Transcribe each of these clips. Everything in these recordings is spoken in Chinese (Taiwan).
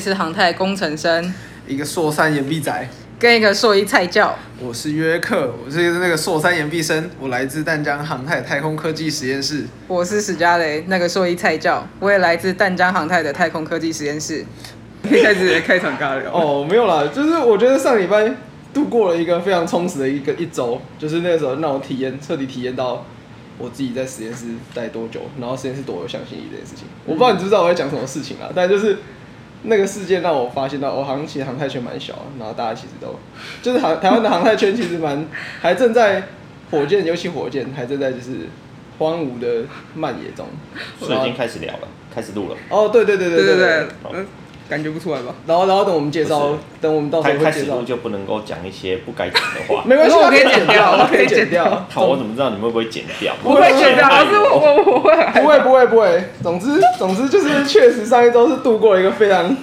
這是航太工程生，一個碩三延畢仔，跟一個碩一菜教。我是約克，我是那個碩三延畢生，我來自淡江航太太空科技實驗室。我是史嘉雷，那個碩一菜教，我也來自淡江航太的太空科技實驗室。可以開始開場尬聊 哦？沒有啦，就是我覺得上禮拜度過了一個非常充實的一個一周，就是那時候讓我體驗徹底體驗到我自己在實驗室待多久，然後實驗室多有向心力這件事情。我不知道你知不知道我在講什麼事情啊？嗯、但就是。那個事件讓我發現到，我、哦、航其實航太圈蠻小，然後大家其實都，就是航台灣的航太圈其實蠻 還正在火箭，尤其火箭還正在就是荒蕪的漫野中，所以已經開始聊了，開始錄了。哦，對對對對對對，對。對對對，好。感覺不出來吧？然後，然後等我們介紹，等我們到時候介紹。開始就不能夠講一些不該講的話。沒關係，我可以剪掉，我可以剪掉。好，我怎麼知道你們會不會剪掉？不會剪掉，我不會。不會，不會，不會。總之，總之就是確實上一周是度過一個非常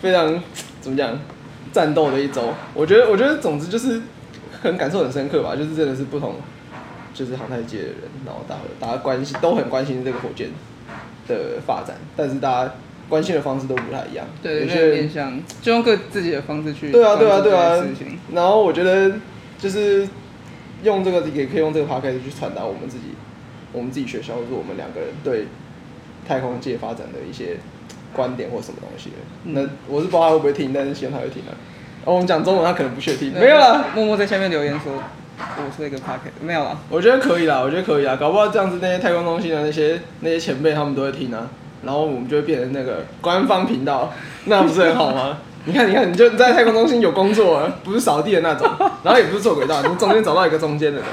非常怎麼講戰鬥的一周。我覺得，我覺得，總之就是可能感受很深刻吧。就是真的是不同，就是航太界的人，然後大家大家關心都很關心這個火箭的發展，但是大家。關心的方式都不太一樣，對，有些面向就用各自己的方式去事情對啊對啊對啊，然後我覺得就是用這個也可以用這個 podcast 去傳達我們自己我們自己學校或者、就是、我們兩個人對太空界發展的一些觀點或什麼東西。嗯、那我是不知道他會不會聽，但是現在他會聽啊。哦，我們講中文他可能不確定，啊、沒有啊，默默在下面留言說，我是那個 podcast 沒有啊，我覺得可以啦，我覺得可以啦，搞不好這樣子那些太空中心的那些那些前輩他們都會聽啊。然後我們就會變成那個官方頻道，那不是很好嗎？ 你看，你看，你就在太空中心有工作，不是掃地的那種， 然後也不是坐軌道，你中間找到一個中間的人。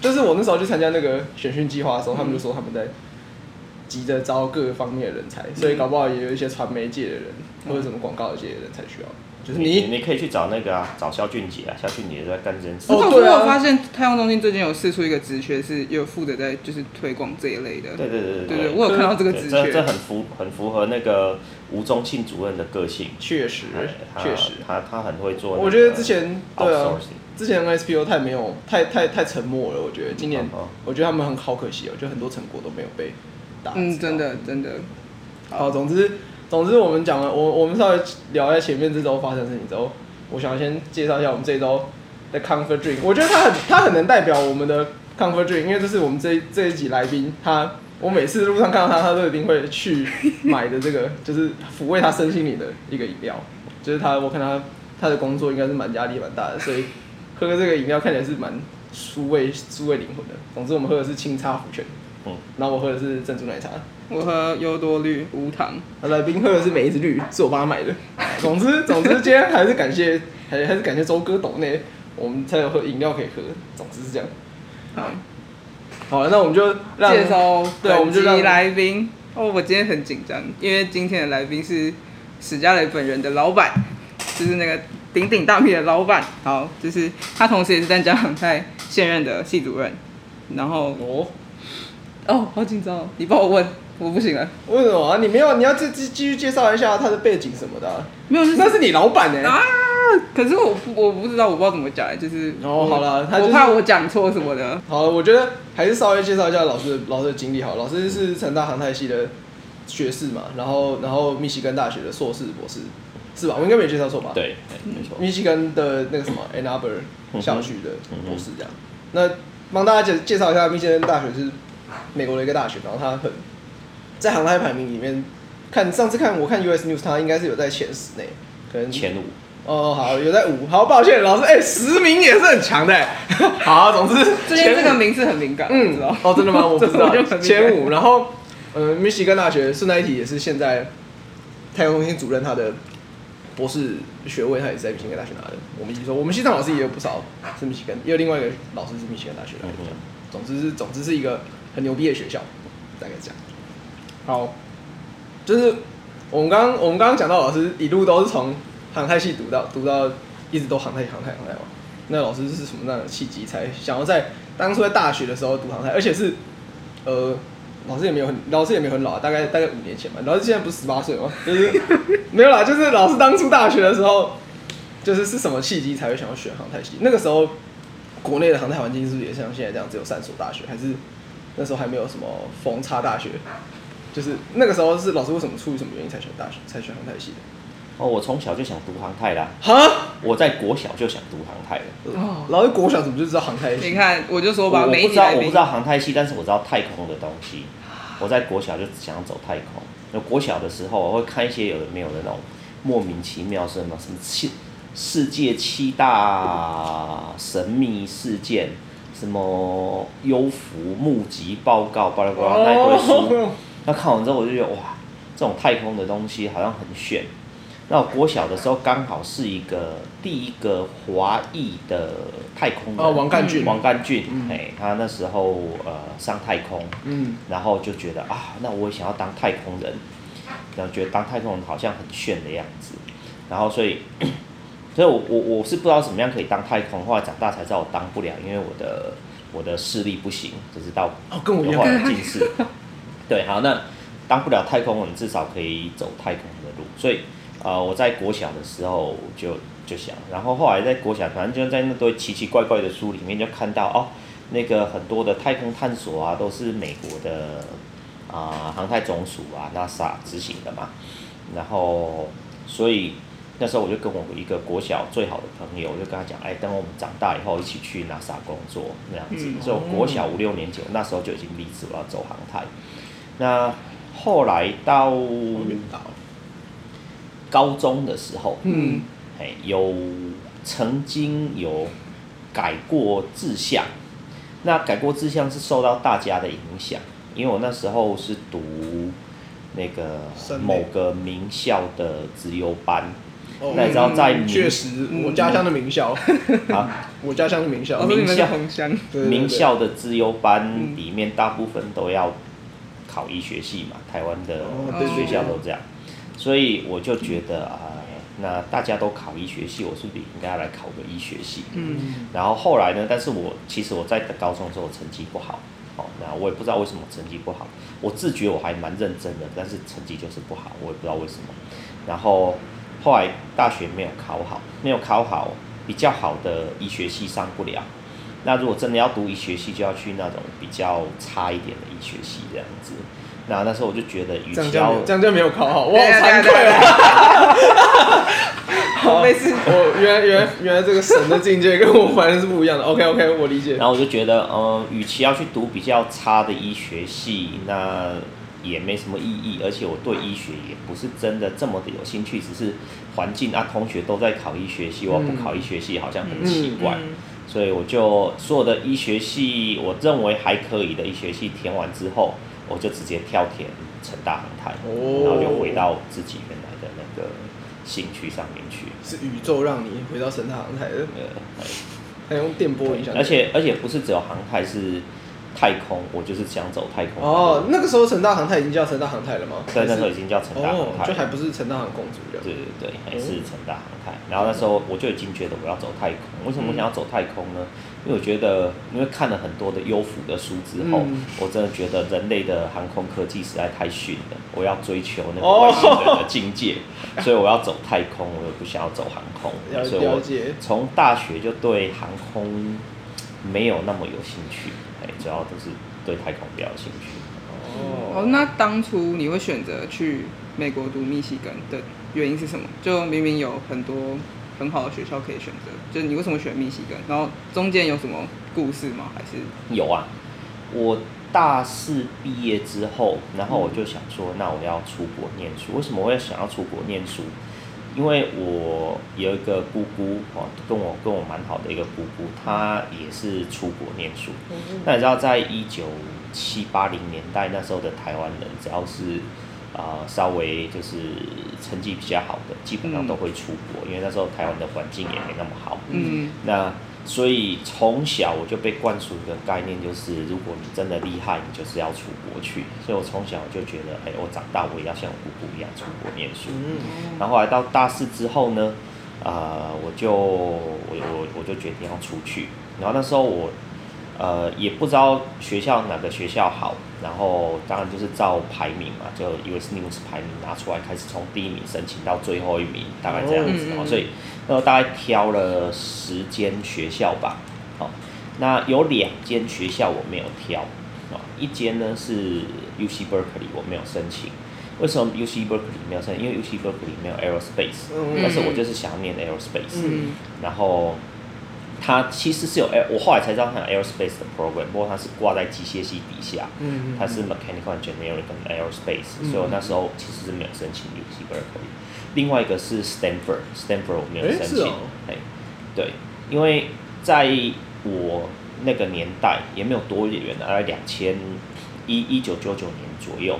就是我那時候去參加那個選訓計劃的時候，他們就說他們在急着招各方面的人才。嗯、所以搞不好也有一些傳媒界的人、嗯、或者什麼廣告界的人才需要。就是你，你，你可以去找那個啊，找肖俊杰啊，肖俊杰也在幹這件事。我、哦啊、我有發現太陽中心最近有釋出一個職缺，是有負責在就是推廣這一類的。對對對對對，對對對，我有看到這個職缺。這很符很符合那個吳中慶主任的個性，確實確實，他他很會做。我覺得之前對啊，之前 SPO 太沒有太太太沉默了，我覺得今年、嗯、我覺得他們很好可惜，我覺得很多成果都沒有被打。嗯真，真的真的。哦好，總之。總之我，我們講了我我們稍微聊一下前面這周發生的事情之後，我想要先介紹一下我們這周的 Comfort Drink。我覺得它很它很能代表我們的 Comfort Drink，因為這是我們這一這一集來賓，他我每次路上看到他，他都一定會去買的這個， 就是撫慰他身心靈的一個飲料。就是他我看他他的工作應該是蠻壓力蠻大的，所以喝的這個飲料看起來是蠻舒慰舒慰靈魂的。總之，我們喝的是清茶福泉，嗯，然後我喝的是珍珠奶茶。我喝優多綠無糖，來賓喝的是梅子綠，是我幫他買的。總之，總之今天還是感謝，還 還是感謝周哥懂的，我們才有喝飲料可以喝。總之是這樣。好、嗯，好，那我們就讓介紹對來賓。哦、喔，我今天很緊張，因為今天的來賓是史嘉蕾本人的老闆，就是那個鼎鼎大名的老闆。好，就是他同時也是在恆泰現任的系主任。然後哦哦、喔喔，好緊張、喔，你幫我問。我不行啊，為什麼啊？你沒有，你要繼繼繼續介紹一下他的背景什麼的、啊。沒有，那、就是、是你老板哎、欸。啊！可是我我不知道，我不知道怎麼講、欸，就是。哦，好了，他就是、我怕我講錯什麼的。好，我覺得還是稍微介紹一下老師的老師的經歷好了。老師是成大航太系的學士嘛，然後然後密西根大學的碩士博士是吧？我應該沒介紹錯吧？對，沒錯。密西根的那個什麼 Ann Arbor 校區的博士這樣。那幫大家介介紹一下密西根大學是美國的一個大學，然後他很。在行業排名裡面，看上次看我看 US News，它應該是有在前十內，可能前五。哦，好，有在五。好抱歉，老師，哎、欸，十名也是很強的。 好，總之，之前這個名次很敏感，嗯，知道哦，真的嗎？我不知道。前五，然後，呃，密歇根大學，順帶一提也是現在太陽中心主任他的博士學位，他也是在密歇根大學拿的。我們已經說，我們系上老師也有不少是密歇根，也有另外一個老師是密歇根大學的。嗯、哼總之是，總之是一個很牛逼的學校，大概這樣。好，就是我們剛我們剛剛講到，老師一路都是從航太系讀到讀到，一直都航太航太航太嘛。那老師是什麼樣的契機才想要在當初在大學的時候讀航太？而且是，呃，老師也沒有很老師也沒有很老，大概大概五年前吧。老師現在不是十八歲嗎？就是沒有啦，就是老師當初大學的時候，就是是什麼契機才會想要選航太系？那個時候，國內的航太環境是不是也像現在這樣只有三所大學？還是那時候還沒有什麼逢甲大學？就是那個時候，是老師為什麼出於什麼原因才選大學，才選航太系的？哦，oh, 我從小就想讀航太啦、啊！Huh? 我在國小就想讀航太哦，然後、oh. 國小怎麼就知道航太系？你看，我就說吧，我，我不知道，我不知道航太系，但是我知道太空的東西。我在國小就想要走太空。那國小的時候，我會看一些有的沒有的那種莫名其妙什麼什麼世界七大神秘事件，什麼幽浮目擊報告巴拉巴拉那看完之後，我就覺得哇，這種太空的東西好像很炫。那我小的時候剛好是一個第一個華裔的太空人，哦、王干俊。嗯、王干俊，哎、嗯欸，他那時候呃上太空，嗯，然後就覺得啊，那我也想要當太空人，然後覺得當太空人好像很炫的樣子。然後所以，所以我我我是不知道怎麼樣可以當太空，後來長大才知道我當不了，因為我的我的視力不行，只知道跟我一樣近視。哦 對，好，那當不了太空我們至少可以走太空的路。所以，呃，我在國小的時候就就想，然後後來在國小，反正就在那堆奇奇怪怪的書裡面就看到哦，那個很多的太空探索啊，都是美國的啊，呃，航太總署啊，NASA 執行的嘛。然後，所以那時候我就跟我一個國小最好的朋友，我就跟他講，哎，等我們長大以後一起去 NASA 工作那樣子。嗯，所以我國小五六年級，嗯，那時候就已經立志我要走航太。那後來到高中的時候，嗯，哎，有曾經有改過志向。那改過志向是受到大家的影響，因為我那時候是讀那個某個名校的資優班。美那你知道在確、嗯、實、嗯、我家鄉的名校。啊，我家鄉的名校。啊、名校，對對對對，名校的資優班裡面，大部分都要。考醫學系嘛，台灣的學校都這樣，所以我就覺得啊，那大家都考醫學系，我是不是應該來考個醫學系？嗯，然後後來呢，但是我其實我在高中的時候成績不好，哦，那我也不知道為什麼成績不好，我自覺我還蠻認真的，但是成績就是不好，我也不知道為什麼。然後後來大學沒有考好，沒有考好，比較好的醫學系上不了。那如果真的要讀醫學系，就要去那種比較差一點的醫學系這樣子。那那時候我就覺得，與其要將就，與其……將就沒有考好，哇對啊，我好慚愧了。我、啊啊啊、我原來原來原來這個神的境界跟我反正是不一樣的。OK OK，我理解。然後我就覺得，嗯、呃，與其要去讀比較差的醫學系，那也沒什麼意義。而且我對醫學也不是真的這麼的有興趣，只是環境啊，同學都在考醫學系，我不考醫學系好像很奇怪。嗯嗯嗯。所以我就所有的醫學系，我認為還可以的醫學系填完之後，我就直接跳填成大航太，哦，然後就回到自己原來的那個興趣上面去。是宇宙讓你回到成大航太的？對，還用電波影響。而且而且不是只有航太是。太空，我就是想走太空。哦，oh, 那個時候成大航太已經叫成大航太了嗎？在對是那時候已經叫成大航太了，oh, 就還不是成大航公主了。對對對，還是成大航太。嗯、然後那時候我就已經覺得我要走太空。為什麼我想要走太空呢？嗯、因為我覺得，因為看了很多的幽浮的書之後，嗯、我真的覺得人類的航空科技實在太遜了。我要追求那個外星人的境界，哦、 所以我要走太空，我也不想要走航空。解所以，我從大學就對航空沒有那麼有興趣。欸、主要都是對太空比較有興趣。哦、嗯，那當初你會選擇去美國讀密西根的原因是什麼？就明明有很多很好的學校可以選擇，就你為什麼選密西根？然後中間有什麼故事嗎？還是有啊？我大四畢業之後，然後我就想說，嗯、那我要出國念書。為什麼我會想要出國念書？因為我有一個姑姑哦，跟我跟我蠻好的一個姑姑，她也是出國念書。嗯嗯，那你知道，在一九七零、八零年代那時候的台灣人，只要是啊、呃、稍微就是成績比較好的，基本上都會出國，嗯、因為那時候台灣的環境也沒那麼好。嗯，嗯，那。所以從小我就被灌輸的概念就是，如果你真的厲害，你就是要出國去。所以我從小就覺得，哎，我長大我也要像姑姑一樣出國念書。嗯、然後來到大四之後呢，啊、呃，我就我我我就決定要出去。然後那時候我。呃，也不知道學校哪個學校好，然後當然就是照排名嘛，就 US News 排名拿出來，開始從第一名申請到最後一名，大概這樣子，oh, um. 所以，呃，大概挑了十間學校吧，好，哦，那有兩間學校我沒有挑，哦，一間呢是 U C Berkeley 我沒有申請，為什麼 U C Berkeley 沒有申請？因為 U C Berkeley 沒有 Aerospace，um. 但是我就是想要念 Aerospace，um. 然後。它其實是有 a 我後來才知道它有 Aerospace 的 program，不過它是掛在機械系底下，它是 Mechanical Engineering 跟 Aerospace，所以我那時候其實是沒有申請 UC Berkeley，另外一個是 Stanford，Stanford 我沒有申請，哎、是哦，對，因為在我那個年代也沒有多遠的，大概兩千一，一九九九年左右，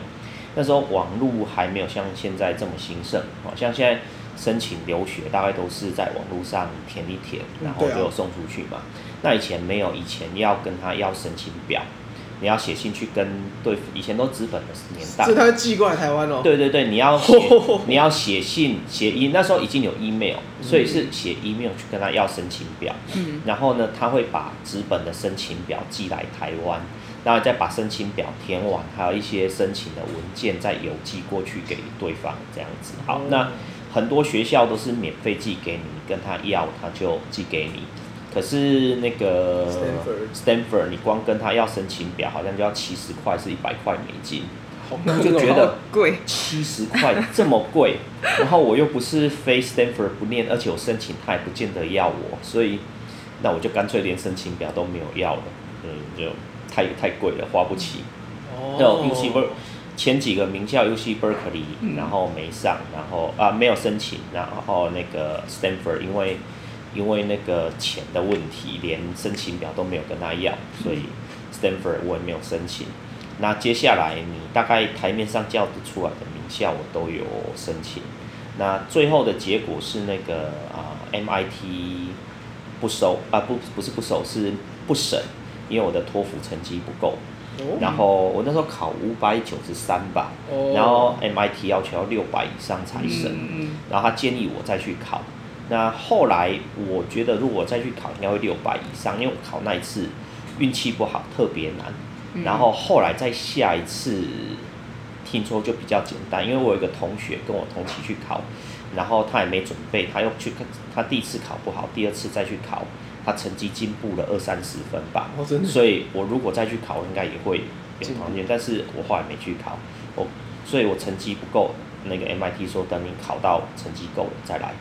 那時候網絡還沒有像現在這麼興盛，好像現在。申請留學大概都是在網絡上填一填，然後就送出去嘛。啊、那以前沒有，以前要跟他要申請表，你要寫信去跟對，以前都紙本的年代，是他寄過來台灣哦、喔。對對對，你要呵呵呵你要寫信寫，那時候已經有 email，、嗯、所以是寫 email 去跟他要申請表。嗯，然後呢，他會把紙本的申請表寄來台灣，然後再把申請表填完，嗯、還有一些申請的文件再郵寄過去給對方，這樣子。好，嗯、那。很多學校都是免費寄給你，跟他要，他就寄給你。可是那個 Stanford，Stanford 你光跟他要申請表，好像就要七十塊，是一百塊美金。那、哦、就覺得貴，七十塊這麼貴。 然後我又不是非 Stanford 不念，而且我申請他也不見得要我，所以那我就乾脆連申請表都沒有要了。嗯，就太太貴了，花不起。哦。那我前幾個名校 UC Berkeley，然後沒上，然後啊沒有申請，然後那個 Stanford 因為因為那個錢的問題，連申請表都沒有跟他要，所以 Stanford 我也沒有申請。那接下來你大概台面上叫得出來的名校我都有申請。那最後的結果是那個啊 MIT 不收啊不不是不收是不審，因為我的托福成績不夠。然後我那時候考五百九十三吧，哦、然後 MIT 要求要六百以上才行，嗯、然後他建議我再去考。那後來我覺得如果再去考，應該會六百以上，因為我考那一次運氣不好，特別難。然後後來再下一次聽說就比較簡單，因為我有一個同學跟我同期去考，然後他也沒準備，他又去看他第一次考不好，第二次再去考。他成績進步了二三十分吧，所以，我如果再去考，應該也會有條件。但是我後來沒去考，我，所以我成績不夠。那個 MIT 說等你考到成績夠了再來。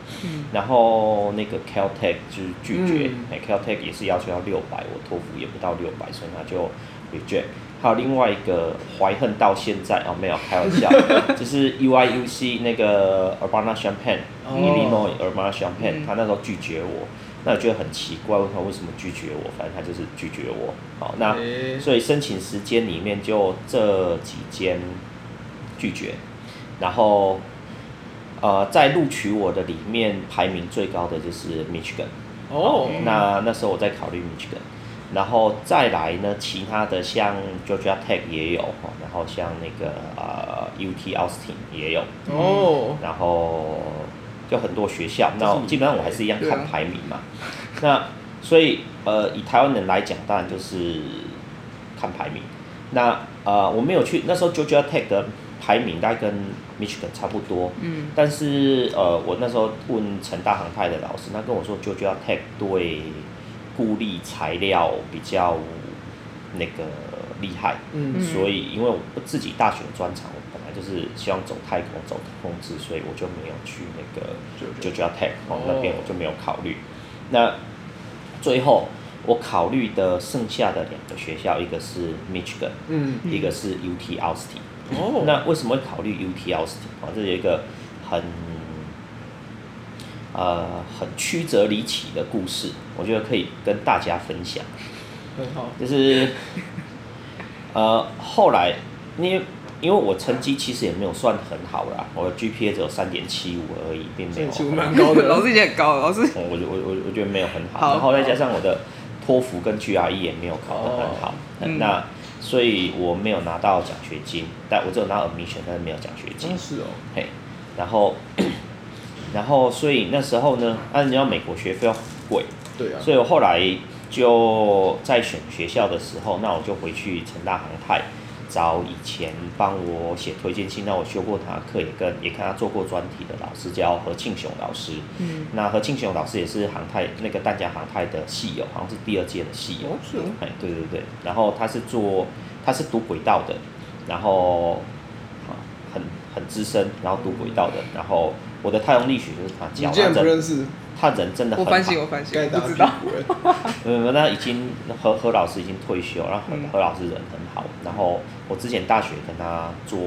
然後那個 Caltech 就是拒絕，哎，Caltech 也是要求要六百，我托福也不到六百，所以他就 reject。還有另外一個懷恨到現在哦，沒有開玩笑，就是 UIUC 那個 Urbana Champaign Illinois Urbana Champaign，他那時候拒絕我。那我覺得很奇怪，問他為什麼拒絕我，反正他就是拒絕我。好 Okay.，那所以申請時間裡面就這幾間拒絕，然後呃在錄取我的裡面排名最高的就是 Michigan 哦、oh. 嗯，那那時候我在考慮 Michigan，然後再來呢，其他的像 Georgia Tech 也有，然後像那個呃 UT 奧斯汀也有哦、oh. 嗯，然後。就很多學校，那基本上我還是一樣看排名嘛。啊啊、那所以呃，以台灣人來講，當然就是看排名。那呃，我沒有去，那時候 Georgia Tech 的排名大概跟 Michigan 差不多。嗯。但是呃，我那時候問成大航太的老師，他跟我說 Georgia Tech 對固力材料比較那個厲害。嗯，所以因為我自己大學專長。就是希望走太空走控制，所以我就沒有去那個 Georgia Tech 哦那邊我就沒有考慮。哦、那最後我考慮的剩下的兩個學校，一個是 Michigan，嗯，嗯一個是 UT 奧斯汀哦。那為什麼會考慮 UT 奧斯汀啊？這是一個很呃很曲折離奇的故事，我覺得可以跟大家分享。很好，就是呃後來你。因為我成績其實也沒有算很好啦，我的 GPA 只有三點七五而已，並沒有。蠻高的， 老師也高老師。嗯、我我我我覺得沒有很好，好然後再加上我的托福跟 GRE 也沒有考得很好，哦嗯、那所以我沒有拿到獎學金，但我只有拿到 admission，但是沒有獎學金、嗯。是哦。然後然後所以那時候呢，是、啊、你知道美國學費要很貴，對啊，所以我後來就在選學校的時候，那我就回去成大航太。早以前幫我寫推薦信，那我修過他的課，也跟也看他做過專題的老師叫何慶雄老師，嗯、那何慶雄老師也是航太那個淡江航太的系友，好像是第二屆的系友，哎、哦、是對對對，然後他是做他是讀軌道的，然後很很資深，然後讀軌道的，然後。我的太空力學就是他教，我完全不認識他。他人真的很好，我反省，該我反省， 嗯，那已經何何老師已經退休，然後何、嗯、何老師人很好，然後我之前大學跟他做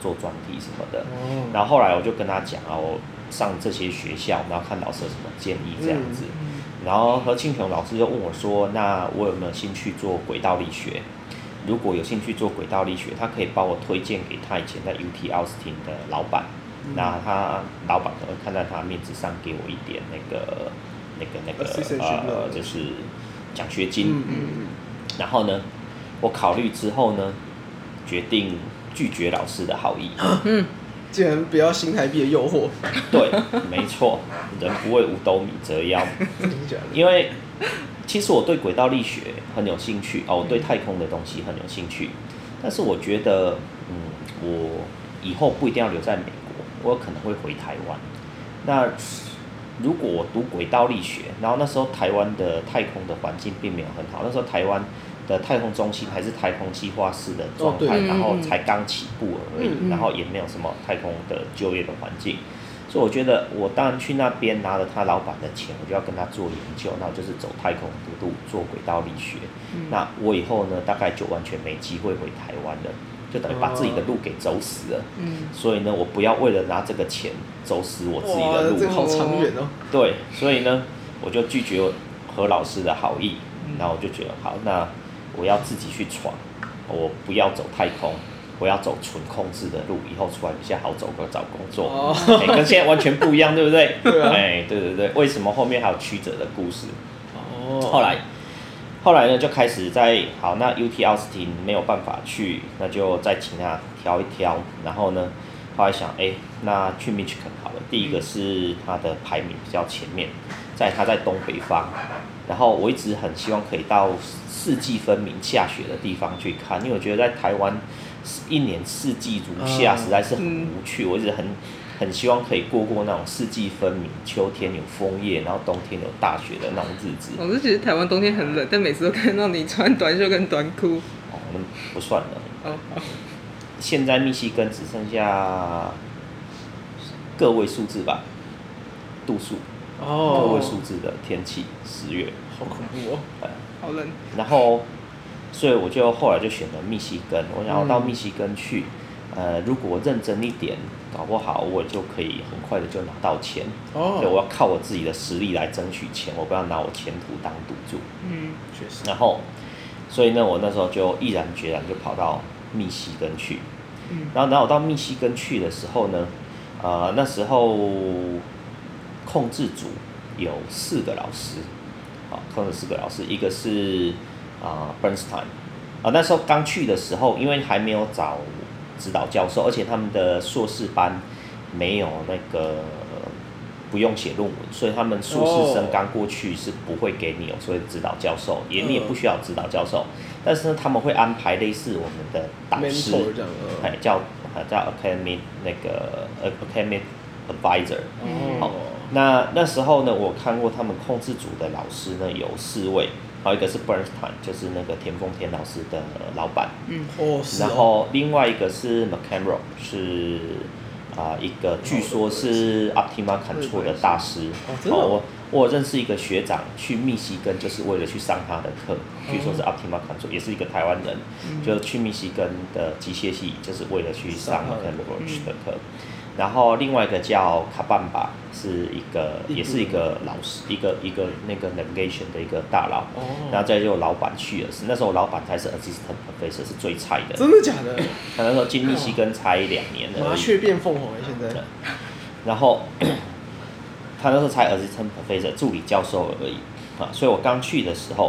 做專題什麼的，嗯、然後後來我就跟他講啊，我上這些學校，然後看老師有什麼建議這樣子。嗯、然後何慶雄老師就問我說：“那我有沒有興趣做軌道力學？如果有興趣做軌道力學，他可以幫我推薦給他以前在 UT Austin 的老闆。”那他老闆都會看在他面子上，給我一點那個、那個、那個呃，就是獎學金。然後呢，我考慮之後呢，決定拒絕老師的好意。竟然不要新台幣的誘惑。對，沒錯，人不為五斗米折腰。因為其實我對軌道力學很有興趣哦，我對太空的東西很有興趣，但是我覺得嗯，我以後不一定要留在美。我可能會回台灣。那如果我讀軌道力學，然後那時候台灣的太空的環境並沒有很好，那時候台灣的太空中心還是太空計劃室的狀態，哦、對然後才剛起步而已，嗯嗯嗯，然後也沒有什麼太空的就業的環境，嗯嗯，所以我覺得我當然去那邊拿了他老板的錢，我就要跟他做研究，那我就是走太空維度、度做軌道力學。嗯、那我以後呢，大概就完全沒機會回台灣了。就等於把自己的路給走死了，哦、嗯，所以呢，我不要為了拿這個錢走死我自己的路，哇，好長遠哦。對，所以呢，我就拒絕何老師的好意，嗯、然後我就覺得好，那我要自己去闖，我不要走太空，我要走純控制的路，以後出來比較好走個找工作、哦欸，跟現在完全不一樣， 對不對？哎、啊欸，對對對，為什麼後面還有曲折的故事？哦，後來。後來呢，就開始在好，那 U T 奧斯汀沒有辦法去，那就在其他挑一挑。然後呢，後來想，哎、欸，那去 Michigan 好了。第一個是它的排名比較前面，在它、嗯、在東北方。然後我一直很希望可以到四季分明、下雪的地方去看，因為我覺得在台灣一年四季如夏，實在是很無趣。嗯、我一直很。很希望可以過過那種四季分明，秋天有楓葉，然後冬天有大雪的那種日子。我是覺得台灣冬天很冷，但每次都看到你穿短袖跟短褲。哦、嗯，那不算了。哦哦、現在密西根只剩下個位數字吧，度數。哦。個位數字的天氣，十月。好恐怖哦。嗯、好冷。然後，所以我就後來就選了密西根，我想要到密西根去。嗯呃、如果認真一點，搞不好我就可以很快的就拿到錢、oh.。對，我要靠我自己的實力來爭取錢，我不要拿我前途當賭注。嗯，確實。然後，所以呢，我那時候就毅然決然就跑到密西根去。嗯、然後，當我到密西根去的時候呢、呃，那時候控制組有四個老師，啊，控制四個老師，一個是啊 Bernstein，啊，那時候剛去的時候，因為還沒有找。指導教授，而且他們的碩士班沒有那個不用寫論文，所以他們碩士生剛過去是不會給你有、oh. 以指導教授，也你也不需要指導教授。Uh. 但是呢，他們會安排類似我們的導師，mm hmm. 叫叫 Academic 那個 Academic Advisor，mm。Hmm. 好，那那時候呢，我看過他們控制組的老師呢有四位。還有一個是 Bernstein 就是那個田豐田老師的老闆。嗯哦哦、然後另外一個是 McAndrew 是啊、呃、一個據說是 Optimal Control 的大師。哦，我我認識一個學長，去密西根就是為了去上他的課，哦、據說是 Optimal Control，也是一個台灣人，嗯、就去密西根的機械系，就是為了去上 McAndrew 的課。嗯然後另外一個叫 Kabamba，是一個，也是一個老師，一個一個那個 navigation 的一個大佬。然、哦哦、後再就老闆去的是那時候老闆才是 assistant professor 是最菜的。真的假的？他那時候進密西根才兩年了。麻雀變鳳凰現在。嗯、然後他那時候才 assistant professor 助理教授而已啊，所以我剛去的時候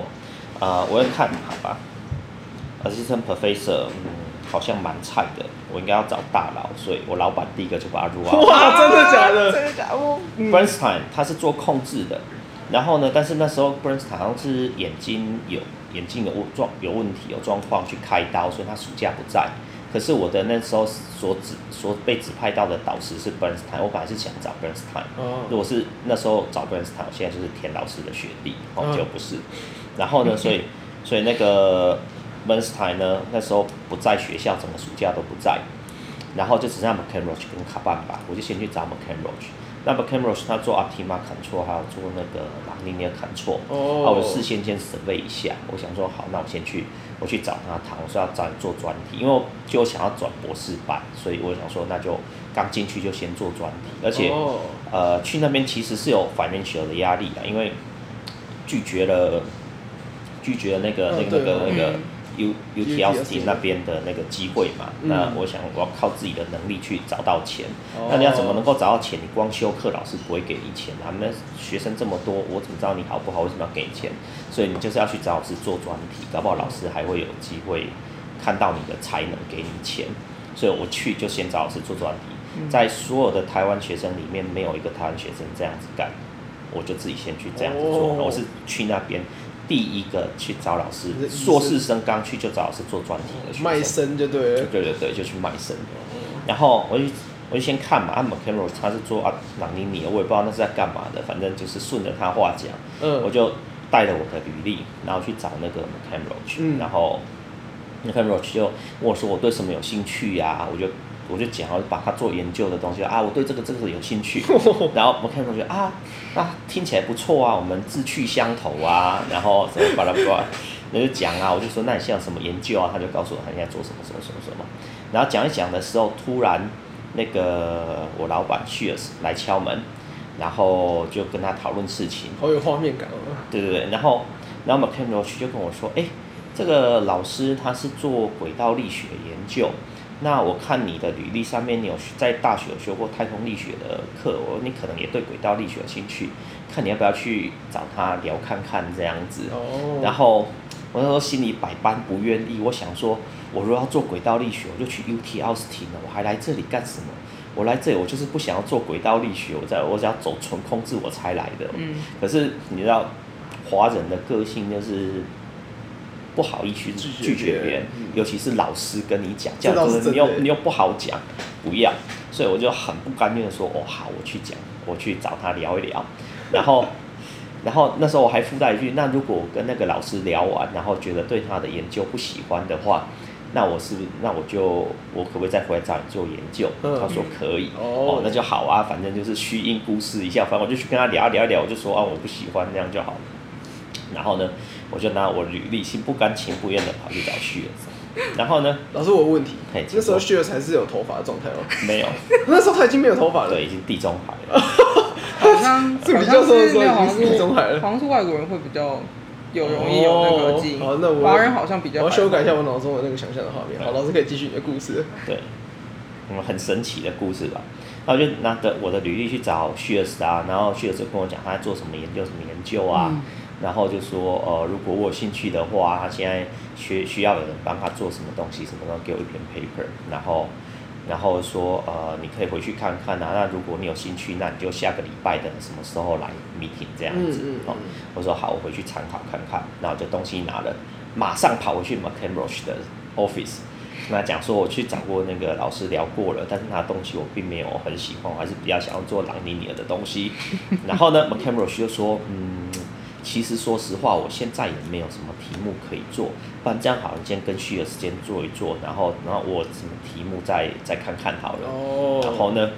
啊、呃，我要看好吧 ，assistant professor 嗯，好像蠻菜的。我應該要找大佬，所以我老板第一個就把他入了、啊。哇，真的假的？真的假的？的 Bernstein，他是做控制的。然後呢？但是那時候 Bernstein 好像是眼睛有眼睛有狀有問題，有狀況去開刀，所以他暑假不在。可是我的那時候所指所被指派到的導師是 Bernstein，我本來是想找 Bernstein，哦。如果是那時候找 Bernstein，我現在就是田老師的學弟，哦。就、嗯、不是。然後呢？所以所以那個。溫斯台呢？那時候不在學校，整個暑假都不在，然後就只剩下 Macan Roach 跟卡班吧。我就先去找 Macan Roach，那 Macan Roach 他做阿提馬砍錯，還有做那個朗尼尼砍錯哦，我就事先先準備一下，我想說好，那我先去，我去找他談，我說要找你做專題，因為就想要轉博士班，所以我想說那就剛進去就先做專題，而且，oh. 呃，去那邊其實是有 financial 的壓力啊，因為拒絕了拒絕了那個那個那個。Oh. 嗯 U U T S T 那邊的那個機會嘛，嗯、那我想我要靠自己的能力去找到錢。那、嗯、你要怎麼能夠找到錢？你光修課老師不會給你錢、啊。他們、嗯、學生這麼多，我怎麼知道你好不好？為什麼要給你錢？所以你就是要去找老師做專題，搞不好老師還會有機會看到你的才能，給你錢。所以我去就先找老師做專題，嗯、在所有的台灣學生裡面，沒有一個台灣學生這樣子幹，我就自己先去這樣子做。哦、然後我是去那邊。第一個去找老師，碩士生剛去就找老師做專題的時候賣身就對，就對對對，就去賣身。嗯、然後我就我就先看嘛，啊 McCamro 他是做啊朗尼尼，我也不知道那是在幹嘛的，反正就是順着他話講。嗯，我就帶着我的履歷，然後去找那個 McCamro，嗯，然後 McCamro 就問我說我對什麼有興趣呀、啊，我就。我就講，我就把他做研究的東西啊，我對這個這個有興趣。然後我看到說啊，那、啊、聽起來不錯啊，我們志趣相投啊，然後什麼巴拉巴拉，那就講啊。我就說那你現在有什麼研究啊？他就告訴我他現在做什麼什麼什麼什麼。然後講一講的時候，突然那個我老闆去了來敲門，然後就跟他討論事情。好有畫面感哦。對對對，然後然後我看到老師就跟我說，誒，這個老師他是做軌道力學研究。那我看你的履歷上面，你有在大學學過太空力學的課，我你可能也對軌道力學有興趣，看你要不要去找他聊看看這樣子。Oh. 然後我那時候心裡百般不願意，我想說，我如果要做軌道力學，我就去 UT 奧斯汀了，我還來這裡幹什麼？我來這裡我就是不想要做軌道力學，我在我想要走純控制我才來的。Mm. 可是你知道，華人的個性就是，不好意思拒絕別人，對對對，尤其是老師跟你講這、嗯、你又你又不好講，不要，所以我就很不甘願的說，哦好，我去講，我去找他聊一聊，然後， 然後那時候我還附帶一句，那如果我跟那個老師聊完，然後覺得對他的研究不喜歡的話，那我是那我就我可不可以再回來找你做研究？嗯、他說可以哦，那就好啊，反正就是虛應故事一下，反正我就去跟他聊，聊一聊，聊我就說啊我不喜歡這樣就好了，然後呢？我就拿我履歷，心不甘情不願的跑去找 x u 然後呢？老師，我問題嘿。這個時候 x u 才是有頭髮的狀態哦。沒有 、啊，那時候他已經沒有頭髮了對，已經地中海了。好像，比較說說，好像是地中海了。好像是外國人會比較有容易有那個基因、哦。哦，那我好像比較好。我要修改一下我腦中的那個想象的畫面。好，對 老師可以繼續你的故事。對，嗯，很神奇的故事吧？然後就拿着我的履歷去找 x u 啊，然後 x u 就跟我講他在做什麼研究、什麼研究啊。嗯然後就說，呃，如果我有興趣的話，他現在需需要有人幫他做什麼東西什麼的，給我一篇 paper，然後，然後說，呃，你可以回去看看啊。那如果你有興趣，那你就下個禮拜的什麼時候來 meeting 這樣子，哦，嗯嗯嗯，我說好，我回去參考看看，然後就東西拿了，馬上跑回去 McCambridge 的 office 跟他講說，我去找過那個老師聊過了，但是那東西我並沒有很喜歡，我還是比較想要做朗尼尼的東西。然後呢 McCambridge 就說，嗯。其實說實話，我現在也沒有什麼題目可以做，不然這樣好，今天跟旭的時間做一做，然後然後我什麼題目再再看看好了。Oh. 然後呢，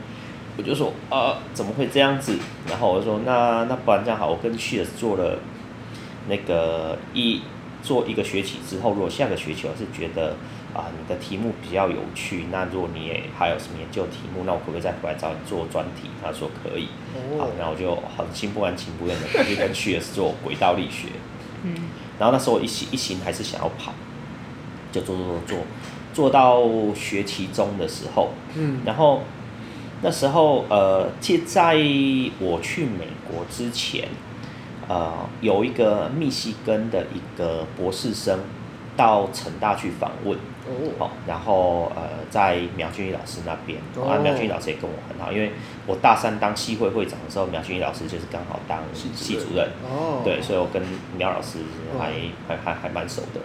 我就說啊、呃，怎麼會這樣子？然後我就說，那那不然這樣好，我跟旭的做了那個一做一個學期之後，如果下個學期我是覺得。啊，你的題目比較有趣。那如果你也還有什麼研究題目，那我可不可以再回來找你做專題？他說可以。好、oh. 啊，那我就很心不甘情不願的 就跟去的是做軌道力學。嗯。然後那時候一心一心還是想要跑，就做做做做，做到學期中的時候。嗯。然後那時候呃，就在我去美國之前，呃，有一個密西根的一個博士生。到成大去訪問，oh. 哦，然後呃，在苗俊義老師那邊，oh. 啊，苗俊義老師也跟我很好，因為我大三當系會會長的時候，苗俊義老師就是剛好當系主任，哦，對，oh. 對，所以我跟苗老師還、oh. 還還還，還蠻熟的。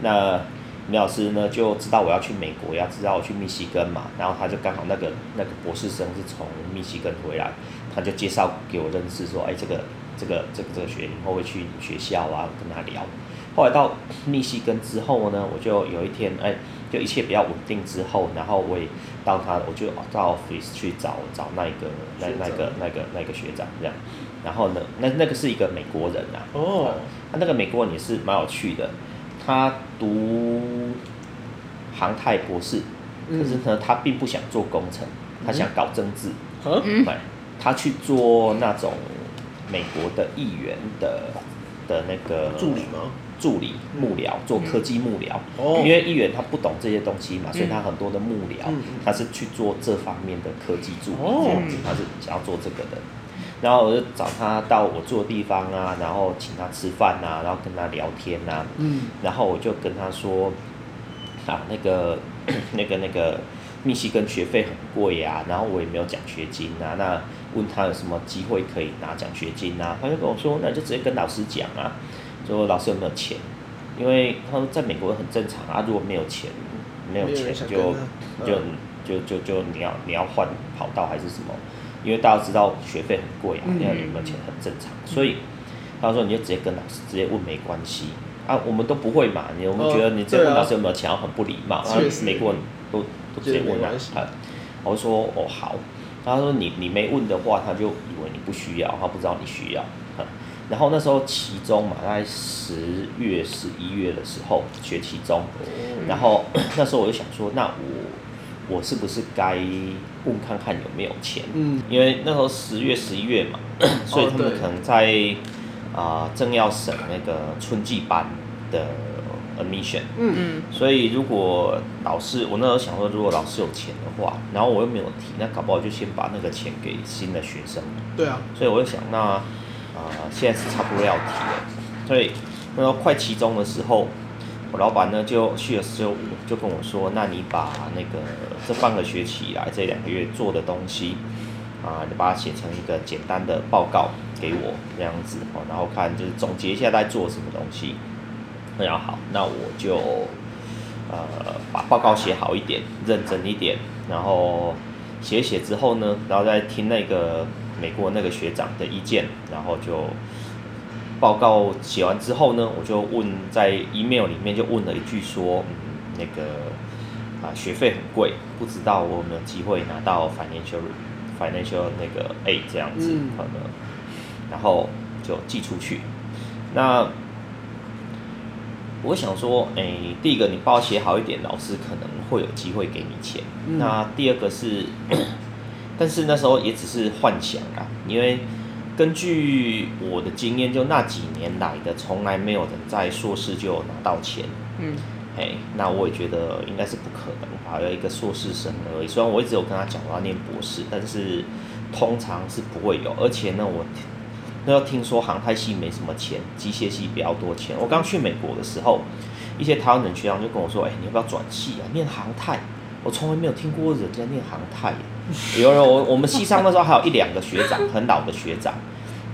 那苗老師呢，就知道我要去美國，要知道我去密西根嘛，然後他就剛好那個那個博士生是從密西根回來，他就介紹給我認識說，哎，這個這個這個這個學以會不會去學校啊，跟他聊。後來到密西根之後呢，我就有一天，哎，就一切比較穩定之後，然後我也到他，我就到 office 去找找那個那那個那個那個學長這樣。然後呢，那那個是一個美國人啊。哦。嗯、他那個美國人也是蠻有趣的，他讀航太博士，可是呢，他並不想做工程，他想搞政治。嗯。嗯嗯他去做那種美國的議員的的那個助理嗎？助理、幕僚、嗯、做科技幕僚，嗯、因為議員他不懂這些東西嘛，嗯、所以他很多的幕僚，嗯、他是去做這方面的科技助理這樣子，嗯、他是想要做這個的。然後我就找他到我住的地方啊，然後請他吃飯吶、啊，然後跟他聊天吶、啊，嗯、然後我就跟他說啊，那個、 那個、那個、那個密西根學費很貴啊，然後我也沒有獎學金啊，那問他有什麼機會可以拿獎學金啊？他就跟我說，那就直接跟老師講啊。就問老師有沒有錢？因為他說在美國很正常啊，如果沒有錢，沒有錢就、嗯、就就就就，就你要你要換跑道還是什麼？因為大家知道學費很貴啊，你要、嗯、有沒有錢很正常，嗯、所以他說你就直接跟老師直接問沒關係啊，我們都不會嘛，我們、啊、覺得你直接問老師有沒有錢、啊、很不禮貌，實啊美國人都都直接問老、啊、師，啊。我說哦好，他說你你沒問的話，他就以為你不需要，他不知道你需要。然後那時候期中嘛，大概十月十一月的時候學期中，嗯、然後那時候我就想說，那我我是不是該問看看有沒有錢？嗯、因為那時候十月十一月嘛，嗯、所以他們可能在啊、哦呃、正要審那個春季班的 admission。嗯，嗯所以如果老師，我那時候想說，如果老師有錢的話，然後我又沒有提，那搞不好就先把那個錢給新的學生。對啊。所以我就想那。啊、呃，現在是差不多要提了，所以那快期中的時候，我老闆呢就去了四六就跟我說：“那你把那個這半個學期以、啊、來這兩個月做的東西啊，你把它寫成一個簡單的報告給我，這樣子哦，然後看就是總結一下在做什麼東西。”那好，那我就呃把報告寫好一點，認真一點，然後寫寫之後呢，然後再聽那個，美國那個學長的意見，然後就報告寫完之後呢，我就問在 email 裡面就問了一句說，嗯，那個啊學費很貴，不知道我有沒有機會拿到 financial financial 那個 A 這樣子，嗯、可能，然後就寄出去。那我想說，哎、欸，第一個你報寫好一點，老師可能會有機會給你錢。嗯、那第二個是。 但是那時候也只是幻想啊，因為根據我的經驗，就那幾年來的，從來沒有人在碩士就有拿到錢。嗯，哎，那我也覺得應該是不可能吧。有一個碩士生而已，雖然我一直有跟他講我要念博士，但是通常是不會有。而且呢，我那要聽說航太系沒什麼錢，機械系比較多錢。我剛去美國的時候，一些台灣的學長就跟我說：“哎、欸，你要不要轉系啊，念航太？”我從來沒有聽過人家念航太啊。比如說，我們系上那時候還有一兩個學長，很老的學長。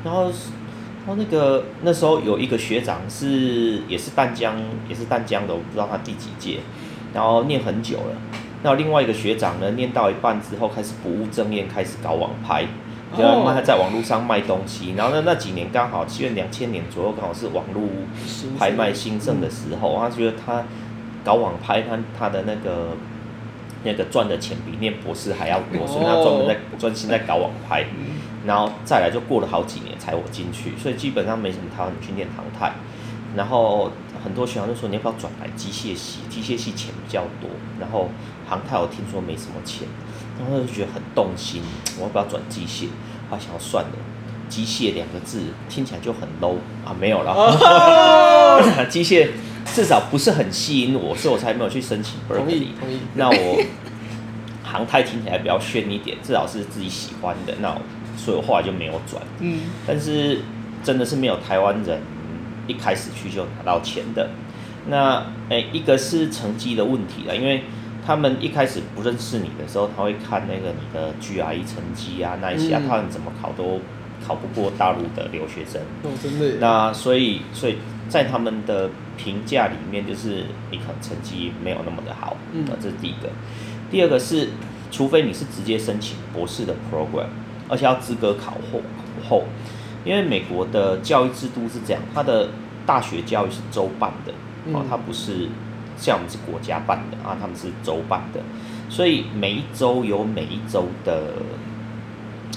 然後，然後那個那時候有一個學長是也是淡江，也是淡江的，我不知道他第幾屆。然後念很久了。那另外一個學長呢，念到一半之後開始不務正業，開始搞網拍，然後他在網絡上賣東西。Oh my. 然後那那幾年剛好七月兩千年左右剛好是網絡拍賣興盛的時候，是是，嗯。他覺得他搞網拍他他的那個。那個賺的錢比念博士還要多，所以他專門在專心、oh. 在搞網拍，然後再來就過了好幾年才我進去，所以基本上沒什麼台灣人去念航太。然後很多學校就說，你要不要轉來機械系，機械系錢比較多，然後航太我聽說沒什麼錢，然後就覺得很動心，我要不要轉機械，他想要算了。機械兩個字聽起來就很 low 啊，沒有了。機、oh、 械，至少不是很吸引我，所以我才沒有去申請 Berkeley。同意、同意。那我航 太聽起來比較炫一點，至少是自己喜歡的。那我所以我後來就沒有轉。嗯。但是真的是沒有台灣人一開始去就拿到錢的。那誒、欸，一個是成績的問題了，因為他們一開始不認識你的時候，他會看那個你的 GRE 成績啊，那一些啊，他們、嗯、怎麼考都，考不過大陸的留學生，哦、真的。那所以所以，在他們的評價裡面，就是你可能成績沒有那麼的好。嗯，那這是第一個。第二個是，除非你是直接申請博士的 program，而且要資格考後，考後，因為美國的教育制度是這樣，它的大學教育是州辦的，哦、啊，它不是像我們是國家辦的啊，他們是州辦的，所以每一州有每一州的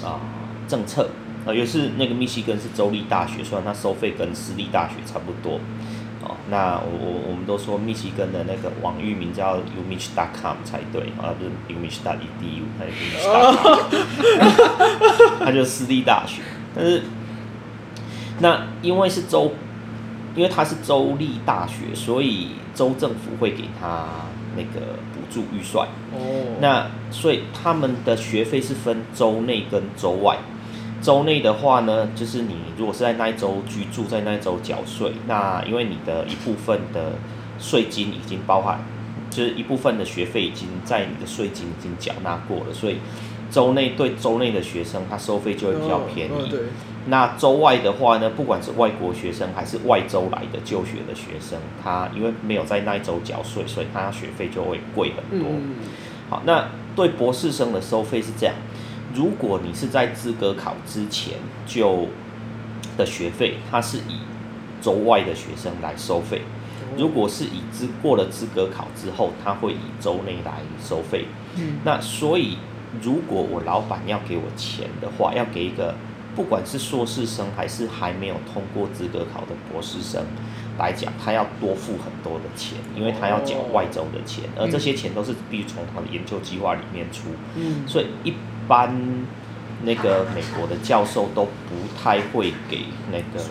啊政策。啊、呃，也是那個密西根是州立大學，雖然它收費跟私立大學差不多。哦，那我我，我們都說密西根的那個網域名叫 umich.com 才對，啊、哦、不是 umich.edu，它就是私立大學。但是那因為是州，因為它是州立大學，所以州政府會給他那個補助預算。哦，那所以他們的學費是分州內跟州外。州內的話呢，就是你如果是在那一州居住，在那一州繳稅，那因為你的一部分的稅金已經包含，就是一部分的學費已經在你的稅金已經繳納過了，所以州內對州內的學生，他收費就會比較便宜。哦哦、那州外的話呢，不管是外國學生還是外州來的就學的學生，他因為沒有在那一州繳稅，所以他學費就會貴很多。嗯、好，那對博士生的收費是這樣。如果你是在資格考之前就的學費，它是以州外的學生來收費；如果是以資過了資格考之後，他會以州內來收費。那所以如果我老闆要給我錢的話，要給一個不管是碩士生還是還沒有通過資格考的博士生來講，他要多付很多的錢，因為他要繳外州的錢，而這些錢都是必須從他的研究計劃裡面出。嗯，所以一。一般那個美國的教授都不太會給那個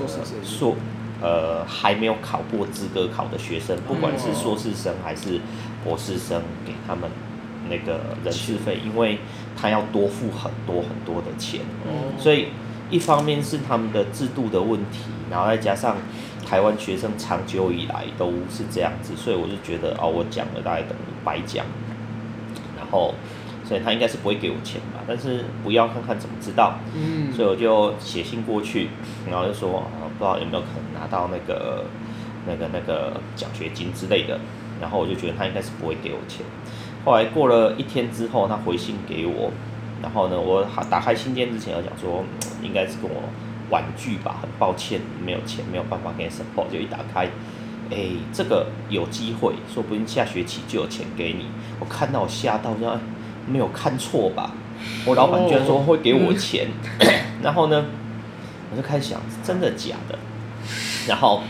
碩呃還沒有考過資格考的學生，不管是碩士生還是博士生，給他們那個人事費，因為他要多付很多很多的錢。嗯、所以一方面是他們的制度的問題，然後再加上台灣學生長久以來都是這樣子，所以我就覺得哦，我講了大概等於白講，然後。所以他應該是不會給我錢吧？但是不要看看怎麼知道。嗯，所以我就寫信過去，然後就說，啊，不知道有沒有可能拿到那個、那個、那個獎學金之類的。然後我就覺得他應該是不會給我錢。後來過了一天之後，他回信給我。然後呢，我打開信件之前我想說，嗯、應該是跟我婉拒吧，很抱歉沒有錢，沒有辦法給你 support。就一打開，誒、欸，這個有機會，說不定下學期就有錢給你。我看到我嚇到就要。沒有看錯吧？我老闆居然說會給我錢，哦嗯、然後呢，我就開始想，真的假的？然後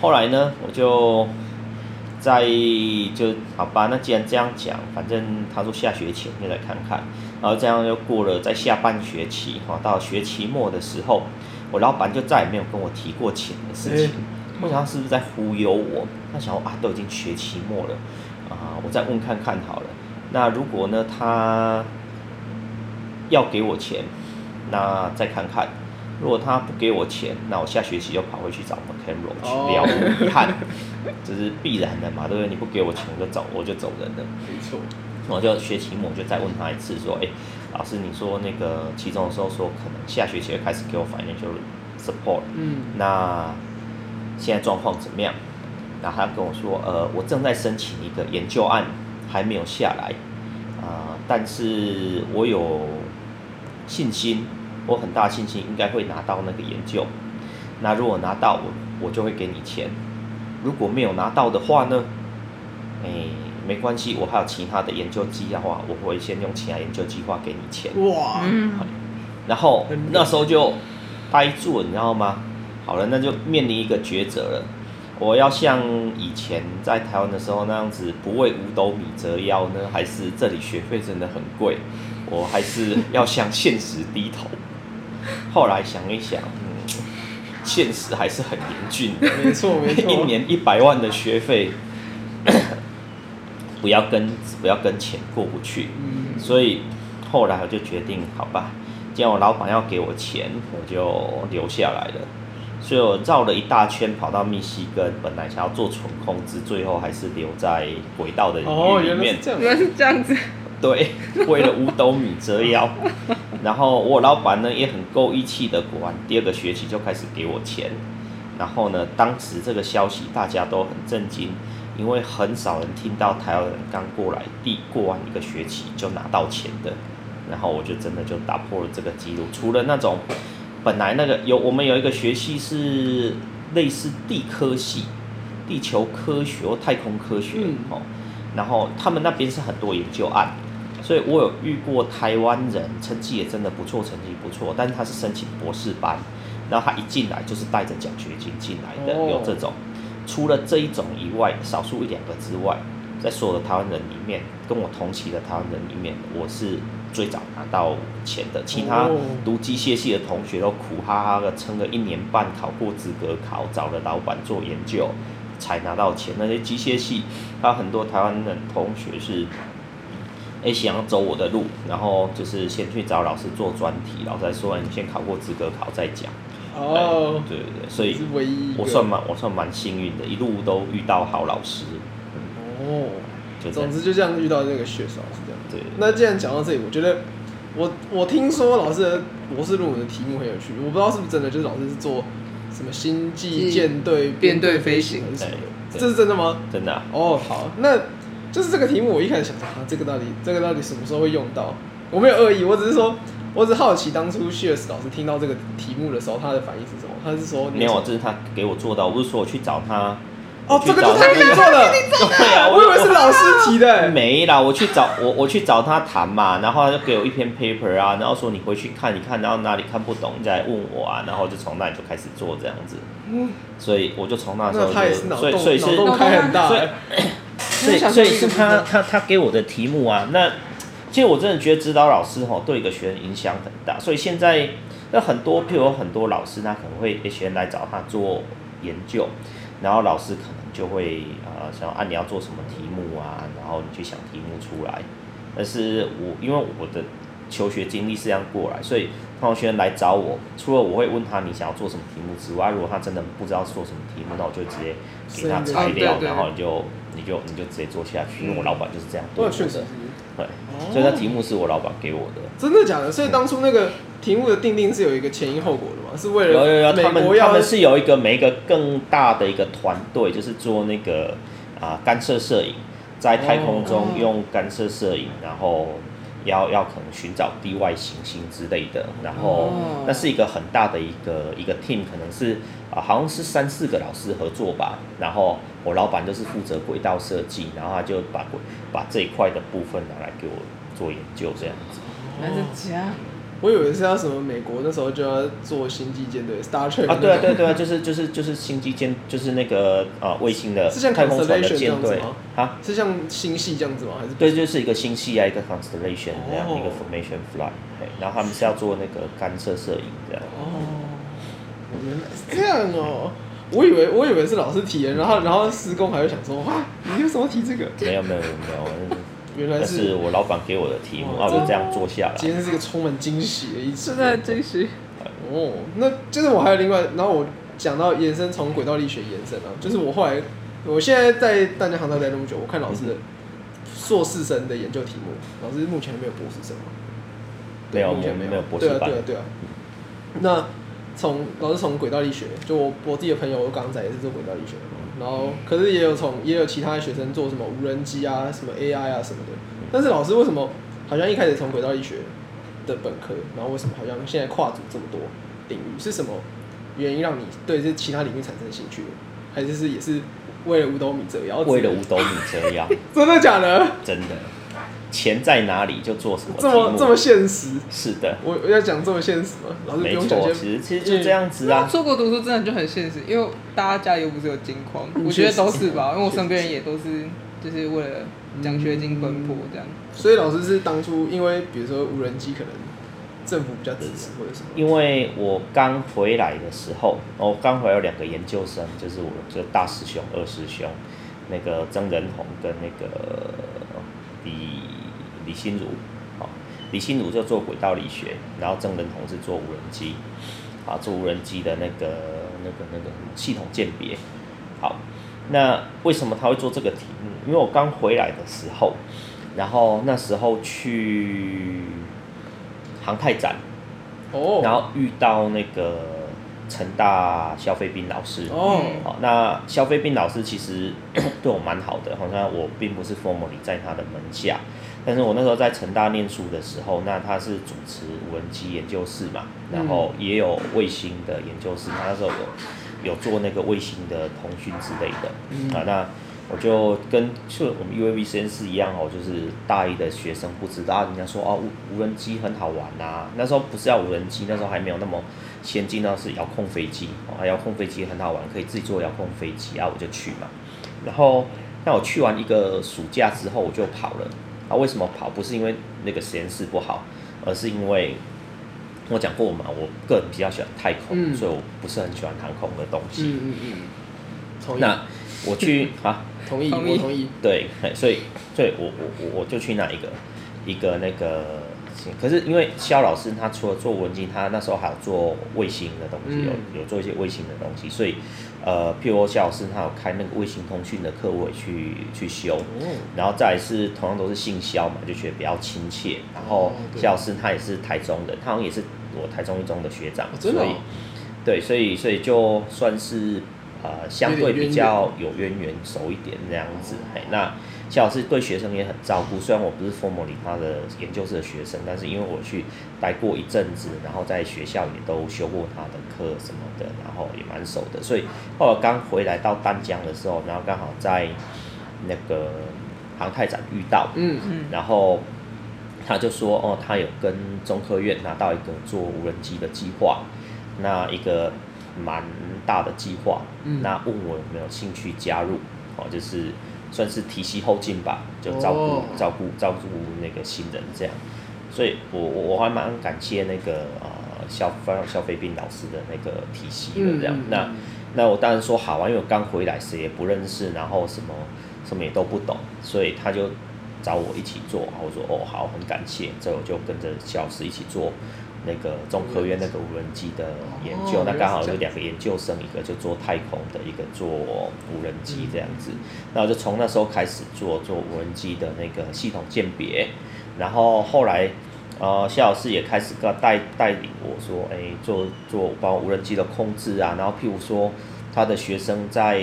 後來呢，我就在就好吧。那既然這樣講，反正他說下學期就來看看。然後這樣又過了，在下半學期哈，到學期末的時候，我老闆就再也沒有跟我提過錢的事情。誒我想他是不是在忽悠我？那時候啊，都已經學期末了啊，我再問看看好了。那如果呢，他要給我錢，那再看看。如果他不給我錢，那我下學期就跑回去找 MacAnn Roach 去聊，了無遺憾，這是必然的嘛，對不對？你不給我錢，我就走，我就走人了。沒錯錯。我就學期末我就再問他一次，說：“哎、欸，老師，你說那個期中的時候說可能下學期要開始給我 financial support，嗯，那現在狀況怎麼樣？”那他跟我說：“呃，我正在申請一個研究案。”還沒有下來啊、呃，但是我有信心，我很大信心應該會拿到那個研究。那如果拿到我，我就會給你錢；如果沒有拿到的話呢，哎、欸，沒關係，我還有其他的研究計劃，我會先用其他研究計劃給你錢。哇，嗯、然後美那時候就呆住，你知道嗎？好了，那就面臨一個抉擇了。我要像以前在台灣的時候那樣子不為五斗米折腰呢，還是這裡學費真的很貴，我還是要向現實低頭？後來想一想，嗯，現實還是很嚴峻的，沒錯沒錯。一年一百萬的學費，不要跟不要跟錢過不去。所以後來我就決定，好吧，既然我老闆要給我錢，我就留下來了。所以我繞了一大圈，跑到密西根，本來想要做純控制，之最後還是留在軌道的裡面。哦，原來是這樣子。對，為了五斗米折腰。 然後我老闆呢也很夠義氣的，過完第二個學期就開始給我錢。然後呢，當時這個消息大家都很震驚，因為很少人聽到台灣人剛過來地，第過完一個學期就拿到錢的。然後我就真的就打破了這個記錄，除了那種。本來那個有，我們有一個學系是類似地科系，地球科學太空科學哦，嗯、然後他們那邊是很多研究案，所以我有遇過台灣人，成績也真的不錯，成績不錯，但是他是申請博士班，然後他一進來就是帶着獎學金進來的，哦、有這種。除了這一種以外，少數一兩個之外，在所有的台灣人裡面，跟我同期的台灣人裡面，我是。最早拿到錢的，其他讀機械系的同學都苦哈哈的撐了一年半，考過資格考，找了老闆做研究，才拿到錢。那些機械系，他、啊、很多台灣的同學是，哎、欸，想要走我的路，然後就是先去找老師做專題，老師再說你、欸、先考過資格考再講。哦、oh, 嗯，對對對，所以我算蠻我算蠻幸運的，一路都遇到好老師。哦、oh,，總之就這樣遇到那個學生那既然講到這裡，我覺得我我聽說老師的博士論文的題目很有趣，我不知道是不是真的，就是老師是做什麼星際艦隊編隊飛行還是什麼的，這是真的嗎？真的、啊。哦，oh, 好，那就是這個題目，我一開始想，想，啊，這個到底這個到底什麼時候會用到？我沒有惡意，我只是說我只好奇當初謝老師聽到這個題目的時候，他的反應是什麼？他是說沒有你，這是他給我做的，我不是說我去找他。哦，指導老師在做了，哦這個、的對呀，我以為是老師提的、啊。沒啦，我去找我我去找他談嘛，然後他就給我一篇 paper 啊，然後說，你回去看一看，然後哪裡看不懂你再問我啊，然後就從那裡就開始做這樣子。所以我就從那時候就，嗯、所以，我、嗯、所、以所以是，嗯、很大所以 所以是他他他給我的題目啊，那其實我真的覺得指導老師哈對一個學生影響很大，所以現在那很多譬如有很多老師，他可能會一人來找他做研究。然後老師可能就會啊、呃，想要按你要做什麼題目啊，然後你去想題目出來。但是我因為我的求學經歷是這樣過來，所以同學來找我，除了我會問他你想要做什麼題目之外，如果他真的不知道做什麼題目，那我就直接給他拆掉，啊、對對，然後就你就你就，你就直接做下去，因為我老闆就是這樣做的。嗯對確實對，oh, 所以那題目是我老闆給我的。真的假的？所以當初那個題目的訂定，是有一個前因後果的嘛？是為了要要要，他們他們是有一個每一個更大的一個團隊，就是做那個啊、呃、干涉攝影，在太空中用干涉攝影，oh, no. 然後要要可能尋找地外行星之類的。然後、oh. 那是一個很大的一個一個 team，可能是啊、呃、好像是三四個老師合作吧。然後。我老闆就是負責軌道設計，然後他就把軌把這一塊的部分拿來給我做研究，這樣子，哦。我以為是要什麼美國那時候就要做星際艦隊 Star Trek。啊，對啊，對啊，對，就是就是就是星際艦，就是那個呃衛、啊、星的是像太空船的艦隊啊，是像星系這樣子嗎？還是，是對，就是一個星系啊，一個 constellation 那樣，哦、一個 formation flight 然後他們是要做那個干涉攝影這樣。哦，原來是這樣哦。我以為我以為是老師提的，然後然後師公還會想說哇，你為什麼提這個？沒有沒有沒有，沒有沒有原來原來是我老闆給我的題目啊，我這這樣坐下了。今天是一個充滿驚喜的一次，真的很驚喜。嗯、哦，那就是我還有另外，然後我講到延伸，從軌道力學延伸，啊。就是我後來我現在在淡江航太待那麼久，我看老師的碩士生的研究題目，老師目前還沒有博士生嘛？對沒有目前沒有沒有博士班對、啊。對啊，對啊，嗯、那。從老師從軌道力學，就我我自己的朋友，我剛才也是做軌道力學的嘛。然後，可是也有從也有其他的學生做什麼無人機啊、什麼 AI 啊什麼的。但是老師為什麼好像一開始從軌道力學的本科，然後為什麼好像現在跨足這麼多領域？是什麼原因讓你對這其他領域產生興趣？還是是也是為了五斗米折腰？為了五斗米折腰？ 真的假的？真的。錢在哪裡就做什麼，這麼這麼現實。是的，我我要講這麼現實嗎？老師沒錯，其實其實就這樣子啊。出國讀書真的就很現實，因為大家家裡又不是有金礦，嗯、我覺得都是吧，確實，因為我身邊人也都是就是為了獎學金奔波這樣。所以老師是當初因為比如說無人機可能政府比較支持或者什麼。因為我剛回來的時候，我剛回來兩個研究生，就是我就是、大師兄、二師兄，那個曾仁宏跟那個李。李心如，好，李心如就做軌道力學，然後鄭仁同是做無人機，啊，做無人機的那個、那個、那個系統鑑別。好，那為什麼他會做這個題目？因為我剛回來的時候，然後那時候去航太展，哦，然後遇到那個成大蕭富元老師，哦，那蕭富元老師其實對我蠻好的，好像我並不是 formally 在他的門下。但是我那時候在成大念書的時候，那他是主持無人機研究室嘛，然後也有衛星的研究室。他、嗯、那時候有有做那個衛星的通訊之類的、嗯、啊，那我就跟就我們 UAV 實驗室一樣哦，就是大一的學生不知道，人家說哦，無人機很好玩吶、啊。那時候不是叫無人機，那時候還沒有那麼先進，那是遙控飛機啊，遙控飛機很好玩，可以自己做遙控飛機啊，我就去嘛。然後那我去完一個暑假之後，我就跑了。為什麼跑？不是因為那個實驗室不好，而是因為我講過嘛，我個人比較喜歡太空，嗯、所以我不是很喜歡航空的東西。嗯嗯嗯，同意。那我去，同意，啊，同意，我同意。對，所以，所以我，我我我就去那一個一個那個。可是因為蕭老師他除了做文經，他那時候還有做衛星的東西，嗯、有有做一些衛星的東西，所以呃，譬如蕭老師他有開那個衛星通訊的課，我去去修。哦、然後再來是同樣都是姓蕭嘛，就覺得比較親切。然後蕭老師他也是台中的，哦、他好像也是我台中一中的學長，哦哦、所以對，所以所以就算是呃相對比較有淵源熟一點這樣子，那。蕭老師對學生也很照顧，雖然我不是 formally 他的研究室的學生，但是因為我去待過一陣子，然後在學校也都修過他的課什麼的，然後也蠻熟的，所以後來剛回來到淡江的時候，然後剛好在那個航太展遇到，嗯，嗯，然後他就說，哦，他有跟中科院拿到一個做無人機的計劃，那一個蠻大的計劃，嗯，那問我有沒有興趣加入，哦，就是。算是提攜後進吧，就照顧、oh. 照顧照顧那個新人這樣，所以我我還蠻感謝那個啊蕭蕭富元老師的那個提攜的這樣。Mm. 那那我當然說好啊，因為我剛回來誰也不認識，然後什麼什麼也都不懂，所以他就找我一起做，我說哦好，很感謝，這我就跟着肖老師一起做。那個中科院那個無人機的研究，哦、那剛好有兩個研究生，一個就做太空的，一個做無人機這樣子。嗯、那我就從那時候開始做做無人機的那個系統鑑別，然後後來呃，謝老師也開始帶帶領我說，哎，做做包括無人機的控制啊，然後譬如說他的學生在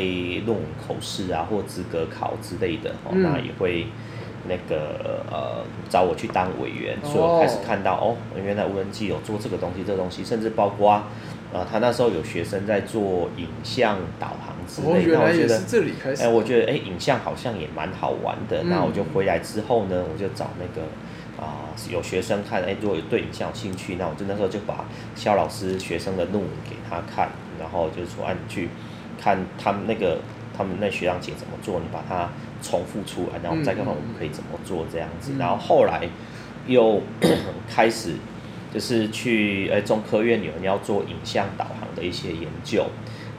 弄口試啊或資格考之類的，嗯、那也會。那個呃，找我去當委員，oh. 所以我開始看到哦，原來無人機有做這個東西，這個、東西甚至包括啊，啊、呃，他那時候有學生在做影像導航之類、oh, 的、哎。我覺得，哎，我覺得哎，影像好像也蠻好玩的。嗯、那我就回來之後呢，我就找那個啊、呃，有學生看，哎，如果有對影像有興趣，那我就那時候就把蕭老師學生的論文給他看，然後就說按去看他們那個。他們那學長姐怎麼做，你把它重複出來，然後再看看我們可以怎麼做、嗯、這樣子。然後後來又、嗯、開始就是去誒，中科院有人要做影像導航的一些研究，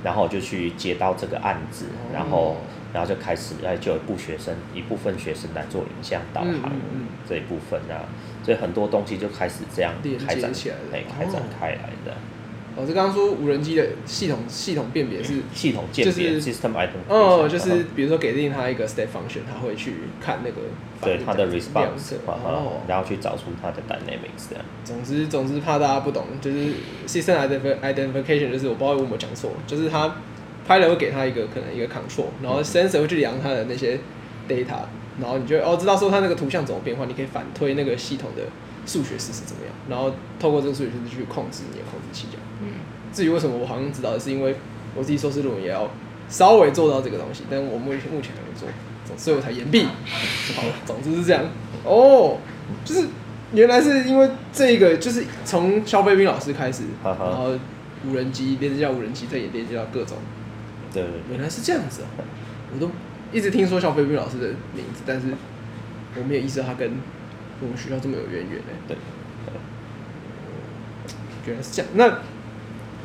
然後就去接到這個案子，然後然後就開始哎，就有一部學生一部分學生來做影像導航、嗯、這一部分啊，嗯嗯、所以很多東西就開始這樣開展起來、嗯、開展開來的。哦老師、哦、剛，剛說無人機的系統系統辨別是、就是、系統鑑別，就是 system ID。哦，就是比如說給定它一個 step function，它會去看那個對它的，的 response，、哦、然後去找出它的 dynamics。總之總之怕大家不懂，就是 system ID identification，就是我不知道我有沒有講錯，就是它 pilot 會給它一個可能一個 control，然後 sensor 會去量它的那些 data，然後你就哦知道說它那個圖像怎麼變化，你可以反推那個系統的數學事實怎麼樣，然後透過這個數學事實去控制你的控制器。至於為什麼我好像知道，是因為我自己碩士論文也要稍微做到這個東西，但我們目前目前沒有做，所以我才掩畢。好了，總之是這樣。哦，就是原來是因為這個，就是從蕭富元老師開始，哈哈然後無人機連接到無人機，再連接到各種。對，對，對。原來是這樣子啊！我都一直聽說蕭富元老師的名字，但是我沒有意識到他跟我們學校這麼有淵源誒、欸。對。原來是這樣，那。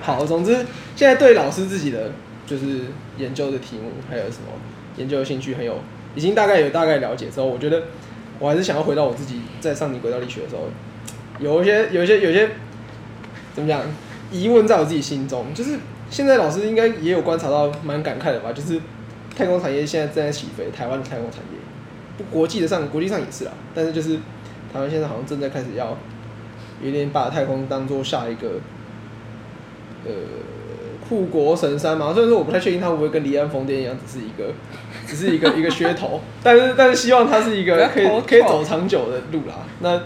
好，總之現在對老師自己的就是研究的題目，還有什麼研究的興趣，很有，已經大概有大概了解之後，我覺得我還是想要回到我自己在上你軌道力學的時候，有一些有一些有一些怎麼講疑問在我自己心中，就是現在老師應該也有觀察到蠻感慨的吧，就是太空產業現在正在起飛，台灣的太空產業，不，國際的上，國際上也是啦，但是就是台灣現在好像正在開始要有點把太空當做下一個。呃，護國神山嘛，所以說我不太確定它會不會跟離岸風電一樣，只是一個， 只是一個一個噱頭，但是但是希望它是一個可以可以走長久的路啦。那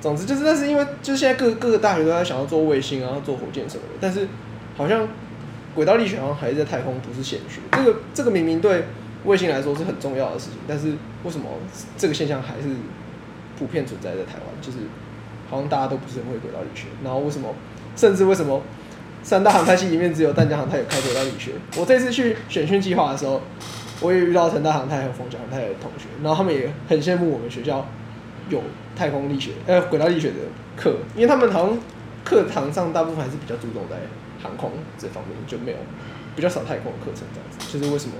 總之就是，但是因為就是現在各各個大學都在想要做衛星啊，做火箭什麼的，但是好像軌道力學好像還是在太空不是顯學。這個這個明明對衛星來說是很重要的事情，但是為什麼這個現象還是普遍存在在台灣？就是好像大家都不是很會軌道力學，然後為什麼甚至為什麼？三大航太系裡面只有淡江航太有開軌道力學。我這次去選訓計劃的時候，我也遇到成大航太和逢甲航太的同學，然後他們也很羨慕我們學校有太空力學、呃軌道力學的課，因為他們好像課堂上大部分還是比較注重在航空這方面，就沒有比較少太空的課程這樣子。就是為什麼？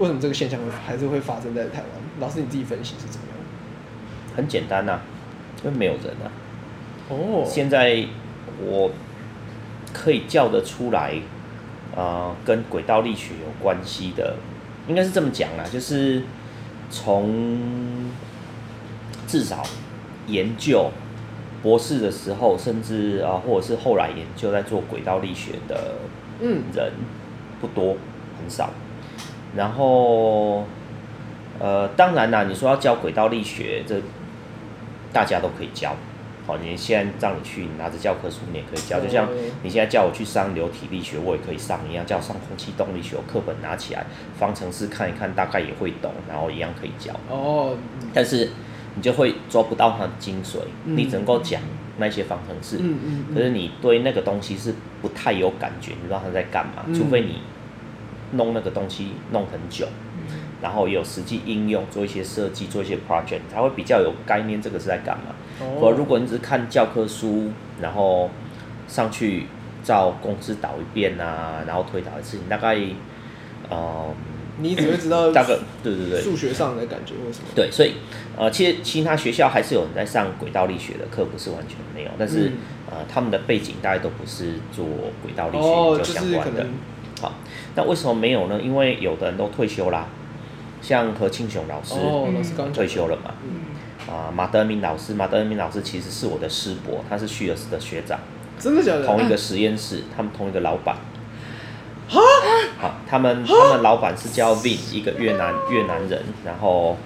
為什麼這個現象會還是會發生在台灣？老師你自己分析是怎麼樣？很簡單吶、啊，因為沒有人啊。哦。Oh. 現在我。可以叫得出來，呃，跟軌道力學有關係的，應該是這麼講啦，就是從至少研究博士的時候，甚至啊、呃，或者是後來研究在做軌道力學的，嗯，人不多，嗯、很少。然後，呃，當然啦，你說要教軌道力學，這大家都可以教。好，你現在讓你去拿着教科書，你也可以教，就像你現在叫我去上流體力學，我也可以上一樣，叫我上空氣動力學，課本拿起來，方程式看一看，大概也會懂，然後一樣可以教。哦。Oh. 但是你就會抓不到它的精髓，嗯、你只能夠講那些方程式，嗯嗯嗯、可是你對那個東西是不太有感覺，你知道它在幹嘛。嗯、除非你弄那個東西弄很久，然後有實際應用，做一些設計，做一些 project，它會比較有概念，這個是在幹嘛？Oh. 如果你只是看教科書，然後上去照公式導一遍啊，然後推導一次，你大概，呃，你只一 會知道大概，對對對，數學上的感覺或什麼。對，所以呃，其實其他學校還是有人在上軌道力學的課，不是完全沒有，但是、mm hmm. 呃，他們的背景大概都不是做軌道力學研究相關的。Oh, 好，那為什麼沒有呢？因為有的人都退休啦，像何慶雄老師，oh, 老師剛剛退休了嘛。Mm hmm. 啊、呃，馬德明老師，馬德明老師其實是我的師伯，他是旭爾斯的學長。真的假的？同一個實驗室，嗯、他們同一個老板。啊、好，他們、啊、他們老板是叫 Vin，一個越南越南人。然後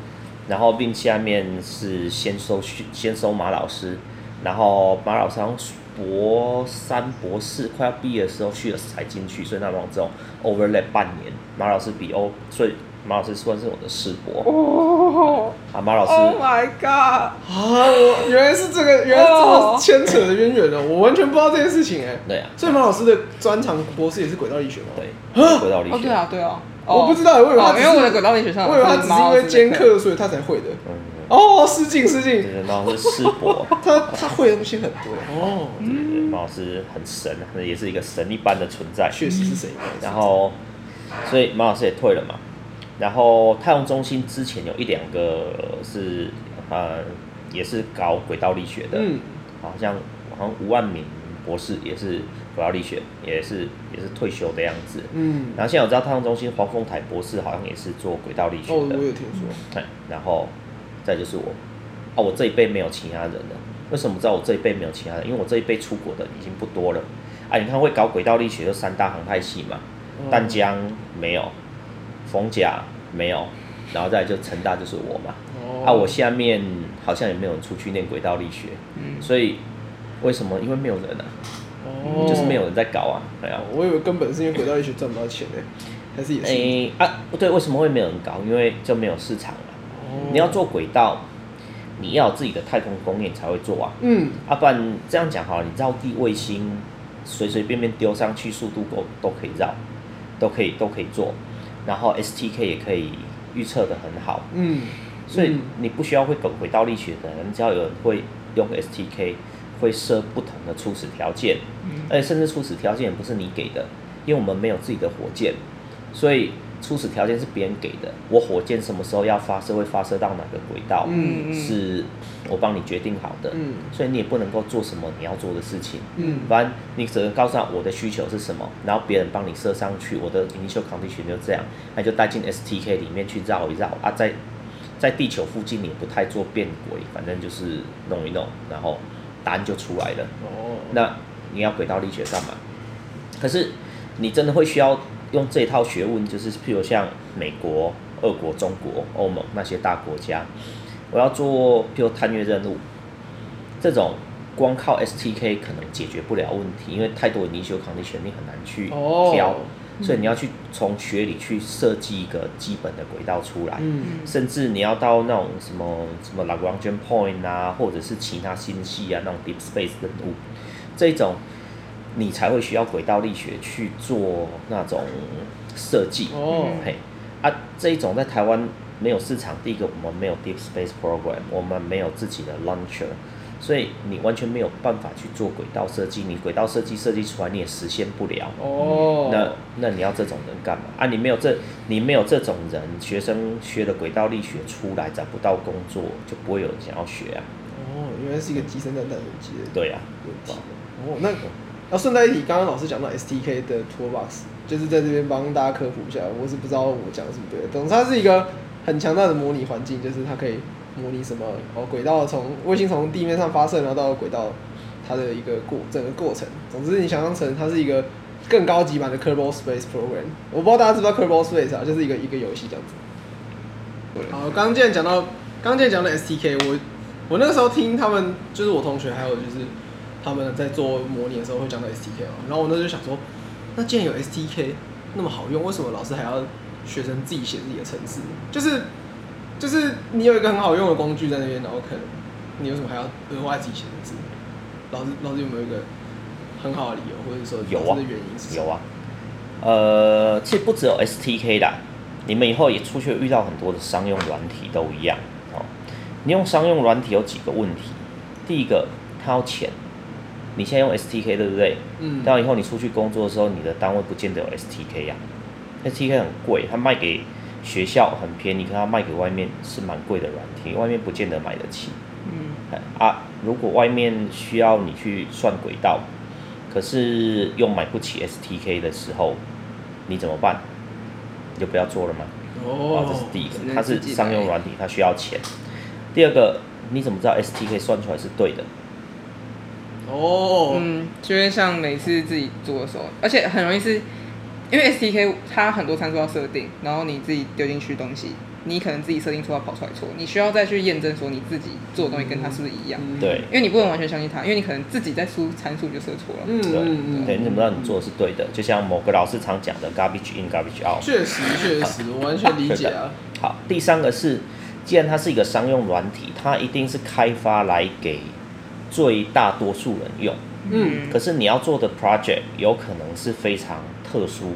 然後 Vin 下面是先收先收馬老師，然後馬老師上博三博四快要畢業的時候，旭爾斯才進去，所以那幫子 overlap 半年。馬老師比歐，所以。馬老師算是我的師伯哦啊！馬老師，Oh my god！啊，我原來是這個，原來這麼牽扯的淵源的，我完全不知道這件事情哎。對啊，所以馬老師的專長博士也是軌道力學嗎？對，軌道力學。對啊，對啊，我不知道，我以為他因為我在軌道力學上，我以為他只是因為兼課，所以他才會的。哦，失敬失敬，馬老師師師伯，他他會的東西很多哦。馬老師很神，也是一個神一般的存在，確實是神。然後，所以馬老師也退了嘛。然後太陽中心之前有一兩個是啊、嗯，也是搞軌道力學的，嗯、好像好像吳萬敏博士也是軌道力學，也是也是退休的樣子。嗯、然後現在我知道太陽中心黃鳳台博士好像也是做軌道力學的。哦、我有聽說。對、嗯，然後再就是我，哦、啊，我這一輩沒有其他人了。為什麼知道我這一輩沒有其他人？因為我這一輩出國的已經不多了。啊，你看會搞軌道力學就三大航太系嘛，淡江沒有。嗯逢甲沒有，然後再就成大就是我嘛。哦。Oh. 啊，我下面好像也沒有人出去念軌道力學。嗯、所以為什麼？因為沒有人啊。Oh. 就是沒有人在搞啊。沒有、啊。我以為根本是因為軌道力學賺不到錢誒，嗯、還是也是？誒、欸、啊，對，為什麼會沒有人搞？因為就沒有市場啊。Oh. 你要做軌道，你要自己的太空工業才會做啊。嗯。啊，不然這樣講好了，你繞地衛星，隨隨便便丟上去，速度夠都可以繞，都可以都可以，都可以做。然後 STK 也可以預測得很好，嗯嗯，所以你不需要會懂回到力學的人，只要有人會用 STK，會設不同的初始條件，嗯，而且甚至初始條件也不是你給的，因為我們沒有自己的火箭，所以。初始條件是別人給的。我火箭什麼時候要發射？會發射到哪個軌道？嗯嗯是，我幫你決定好的，嗯、所以你也不能夠做什麼你要做的事情，嗯，不然你只能告訴他我的需求是什麼，然後別人幫你射上去，我的 initial condition 就這樣，那就帶進 STK 裡面去繞一繞啊，在，在地球附近你不太做變軌，反正就是弄一弄，然後答案就出來了。哦，那你要軌道力學幹嘛？可是。你真的會需要用這套學問，就是譬如像美國、俄國、中國、歐盟那些大國家，我要做譬如探月任務，這種光靠 STK 可能解決不了問題，因為太多的 initial condition 你很難去挑，oh. 所以你要去從學里去設計一個基本的軌道出來，嗯、甚至你要到那種什麼什麼 Lagrange point 啊，或者是其他星系啊那種 Deep Space 任務，這種。你才會需要軌道力學去做那種設計哦嘿啊，這一種在台灣沒有市場。第一個我們沒有 deep space program，我們沒有自己的 launcher，所以你完全沒有辦法去做軌道設計。你軌道設計設計出來你也實現不了哦、oh. 嗯。那那你要這種人幹嘛啊？你沒有這你沒有這種人，學生學的軌道力學出來找不到工作，就不會有人想要學啊。哦，oh, 原來是一個雞生蛋蛋生雞的問題。對啊對吧？哦、oh,，那個。那順帶一提，剛剛老師講到 STK 的 Toolbox，就是在這邊幫大家科普一下。我是不知道我講的是不對的，總之它是一個很強大的模擬環境，就是它可以模擬什麼哦軌道從衛星從地面上發射，然後到軌道，它的一個過整，這個過程。總之你想象成它是一個更高級版的 Kerbal Space Program。我不知道大家知，不知道 Kerbal Space 啊，就是一個一個遊戲這樣子。對好，剛健講到剛健講的 STK，我我那時候聽他們就是我同學還有就是。他們在做模擬的時候會講到 STK 哦，然後我那時候就想說，那既然有 STK 那麼好用，為什麼老師還要學生自己寫自己的程式？就是就是你有一個很好用的工具在那邊，然後可能你為什麼還要額外自己寫字？老師老師有沒有一個很好的理由，或者說有原因是有、啊？有啊，呃，其實不只有 STK 啦，你們以後也出去遇到很多的商用軟體都一樣哦。你用商用軟體有幾個問題？第一個，它要錢。你現在用 STK 對不對？嗯，但以後你出去工作的時候，你的單位不見得有 STK 呀，啊。STK 很貴，它賣給學校很便宜，你看，它賣給外面是蠻貴的軟體，外面不見得買得起。嗯，啊，如果外面需要你去算軌道，可是又買不起 STK 的時候，你怎麼辦？你就不要做了嗎？哦，哦，這是第一個，它是商用軟體，它需要錢。嗯，第二個，你怎麼知道 STK 算出來是對的？哦，oh。嗯，就是像每次自己做的時候，而且很容易是，因為 STK 它很多參數要設定，然後你自己丟進去東西，你可能自己設定錯要跑出來錯，你需要再去驗證說你自己做的東西跟它是不是一樣。對、mm、hmm。因為你不能完全相信它，mm hmm。因為你可能自己在輸參數就設錯了。嗯嗯、mm hmm，對，你怎麼知道你做的是對的？就像某個老師常講的 “garbage in, garbage out”。確實確實，我完全理解啊。 好，第三個是，既然它是一個商用軟體，它一定是開發來給。最大多數人用，嗯，可是你要做的 project 有可能是非常特殊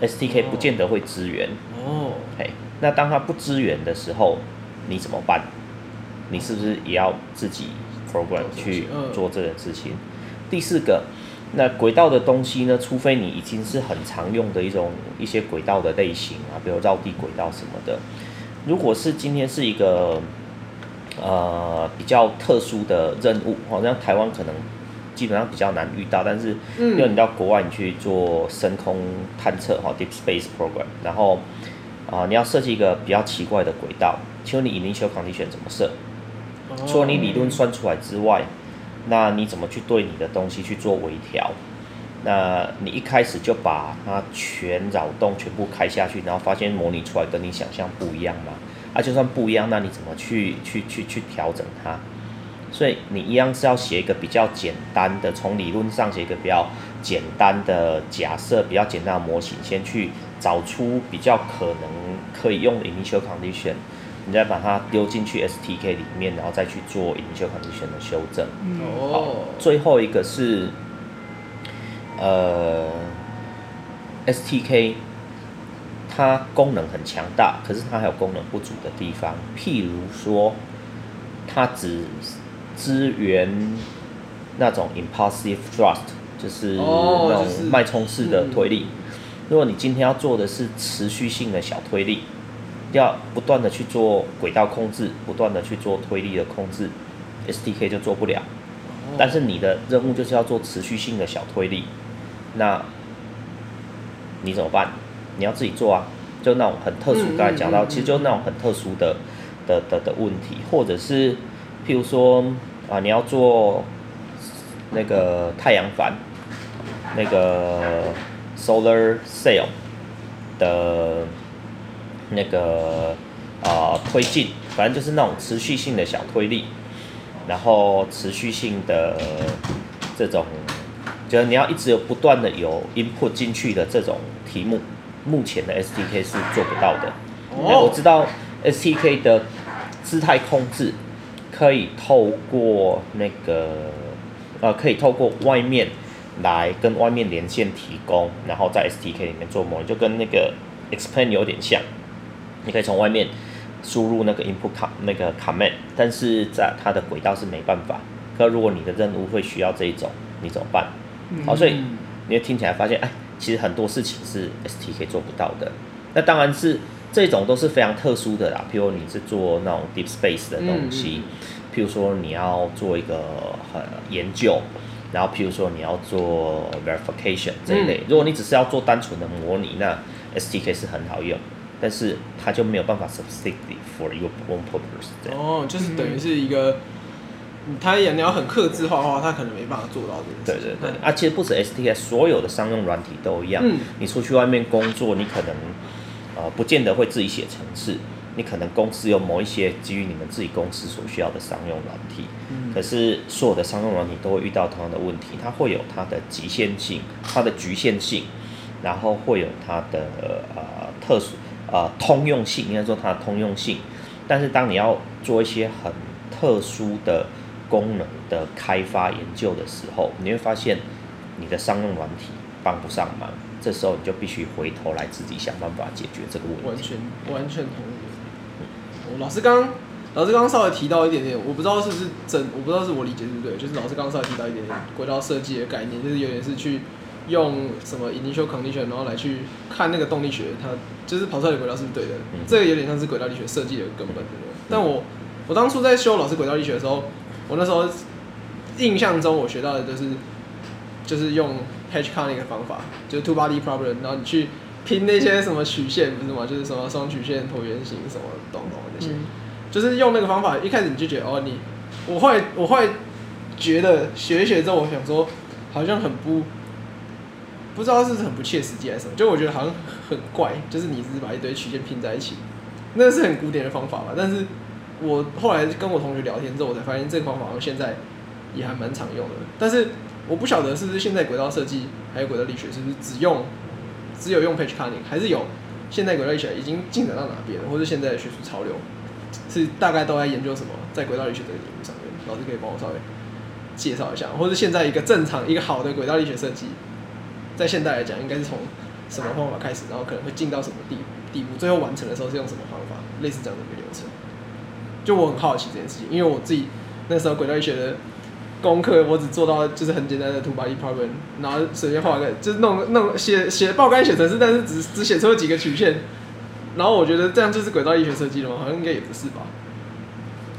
STK 不見得會支援哦。哎，那當他不支援的時候，你怎麼辦？你是不是也要自己 program 去做這件事情？嗯、第四個，那軌道的東西呢？除非你已經是很常用的一種一些軌道的類型啊，比如繞地軌道什麼的。如果是今天是一個。呃，比較特殊的任務，好像台灣可能基本上比較難遇到，但是，嗯、因為你到國外你去做深空探測齁，Deep Space Program，然後，啊、呃，你要設計一個比較奇怪的軌道，請問你 Initial Condition 怎麼設？除了你理論算出來之外，嗯、那你怎麼去對你的東西去做微調？那你一開始就把它全擾動全部開下去，然後發現模擬出來跟你想象不一樣嘛。啊，就算不一樣，那你怎麼去去去去調整它？所以你一樣是要寫一個比較簡單的，從理論上寫一個比較簡單的假設，比較簡單的模型，先去找出比較可能可以用的 initial condition。你再把它丟進去 STK 裡面，然後再去做 initial condition 的修正。好，最後一個是，呃，STK。ST 它功能很強大，可是它還有功能不足的地方。譬如說，它只支援那種 impulsive thrust，就是那種脈衝式的推力。哦，就是，嗯。如果你今天要做的是持續性的小推力，要不斷的去做軌道控制，不斷的去做推力的控制 SDK 就做不了。但是你的任務就是要做持續性的小推力，那你怎麼辦？你要自己做啊，就那種很特殊，剛才講到，其實就那種很特殊的的的的，的問題，或者是譬如說啊，你要做那個太陽板，那個 solar sail 的那個啊推進，反正就是那種持續性的小推力，然後持續性的這種，就是你要一直有不斷的有 input 進去的這種題目。目前的 STK 是做不到的，哦。我知道 STK 的姿態控制可以透過那個呃，可以透過外面來跟外面連線提供，然後在 STK 裡面做模擬，就跟那個 explain 有點像。你可以從外面輸入那個 input 卡那個 command，但是在它的軌道是沒辦法。那如果你的任務會需要這一種，你怎麼辦？嗯、好，所以你聽起來發現唉其實很多事情是 STK 做不到的，那當然是這種都是非常特殊的啦。譬如你是做那種 deep space 的東西，嗯、譬如說你要做一個很研究，然後譬如說你要做 verification 這一類。嗯、如果你只是要做單純的模擬，那 STK 是很好用，但是它就沒有辦法 substitute for your own purpose 哦，就是等於是一個。他也你要很客製化的話，他可能沒辦法做到這個。對對對，對啊，其實不止 S D S，所有的商用軟體都一樣。嗯。你出去外面工作，你可能呃不見得會自己寫程式，你可能公司有某一些基於你們自己公司所需要的商用軟體。嗯。可是所有的商用軟體都會遇到同樣的問題，它會有它的極限性，它的局限性，然後會有它的呃特殊呃通用性，應該說它的通用性。但是當你要做一些很特殊的。功能的開發研究的時候，你會發現你的商用軟體幫不上忙，這時候你就必須回頭來自己想辦法解決這個問題。完全完全同意。嗯，老師剛剛，老師剛老師剛剛稍微提到一點點，我不知道是不是真，我不知道是我理解對不對，就是老師剛剛稍微提到一點點軌道設計的概念，就是有點是去用什麼 initial condition，然後來去看那個動力學，它就是跑出來的軌道是不是對的？嗯、這個有點像是軌道力學設計的根本的。嗯、但我我當初在修老師軌道力學的時候。我那時候印象中，我學到的都、就是就是用 conic section 的方法，就是 two body problem，然後你去拼那些什麼曲線，嗯、不是嗎？就是什麼雙曲線、橢圓形什麼等等那些，嗯、就是用那個方法。一開始你就覺得哦，你我會我會覺得學一學之後，我想說好像很不不知道是不是很不切實際還是什麼，就我覺得好像很怪，就是你只是把一堆曲線拼在一起，那是很古典的方法吧，但是。我後來跟我同學聊天之後，我才發現這個方法現在也還蠻常用的，但是我不曉得是不是現在軌道設計還有軌道力學是不是只用只有用 patched conic，還是有現在軌道力學已經進展到哪邊，或者現在的學術潮流是大概都在研究什麼在軌道力學這個領域上面，老師可以幫我稍微介紹一下，或者現在一個正常一個好的軌道力學設計，在現代來講應該是從什麼方法開始，然後可能會進到什麼地地步，最後完成的時候是用什麼方法，類似這樣的一個流程。就我很好奇這件事情，因為我自己那時候軌道力學的功課，我只做到就是很簡單的 two-body problem 然後隨便畫個就是弄弄寫寫報告寫程式，但是只只寫出了幾個曲線，然後我覺得這樣就是軌道力學設計了嗎？好像應該也不是吧。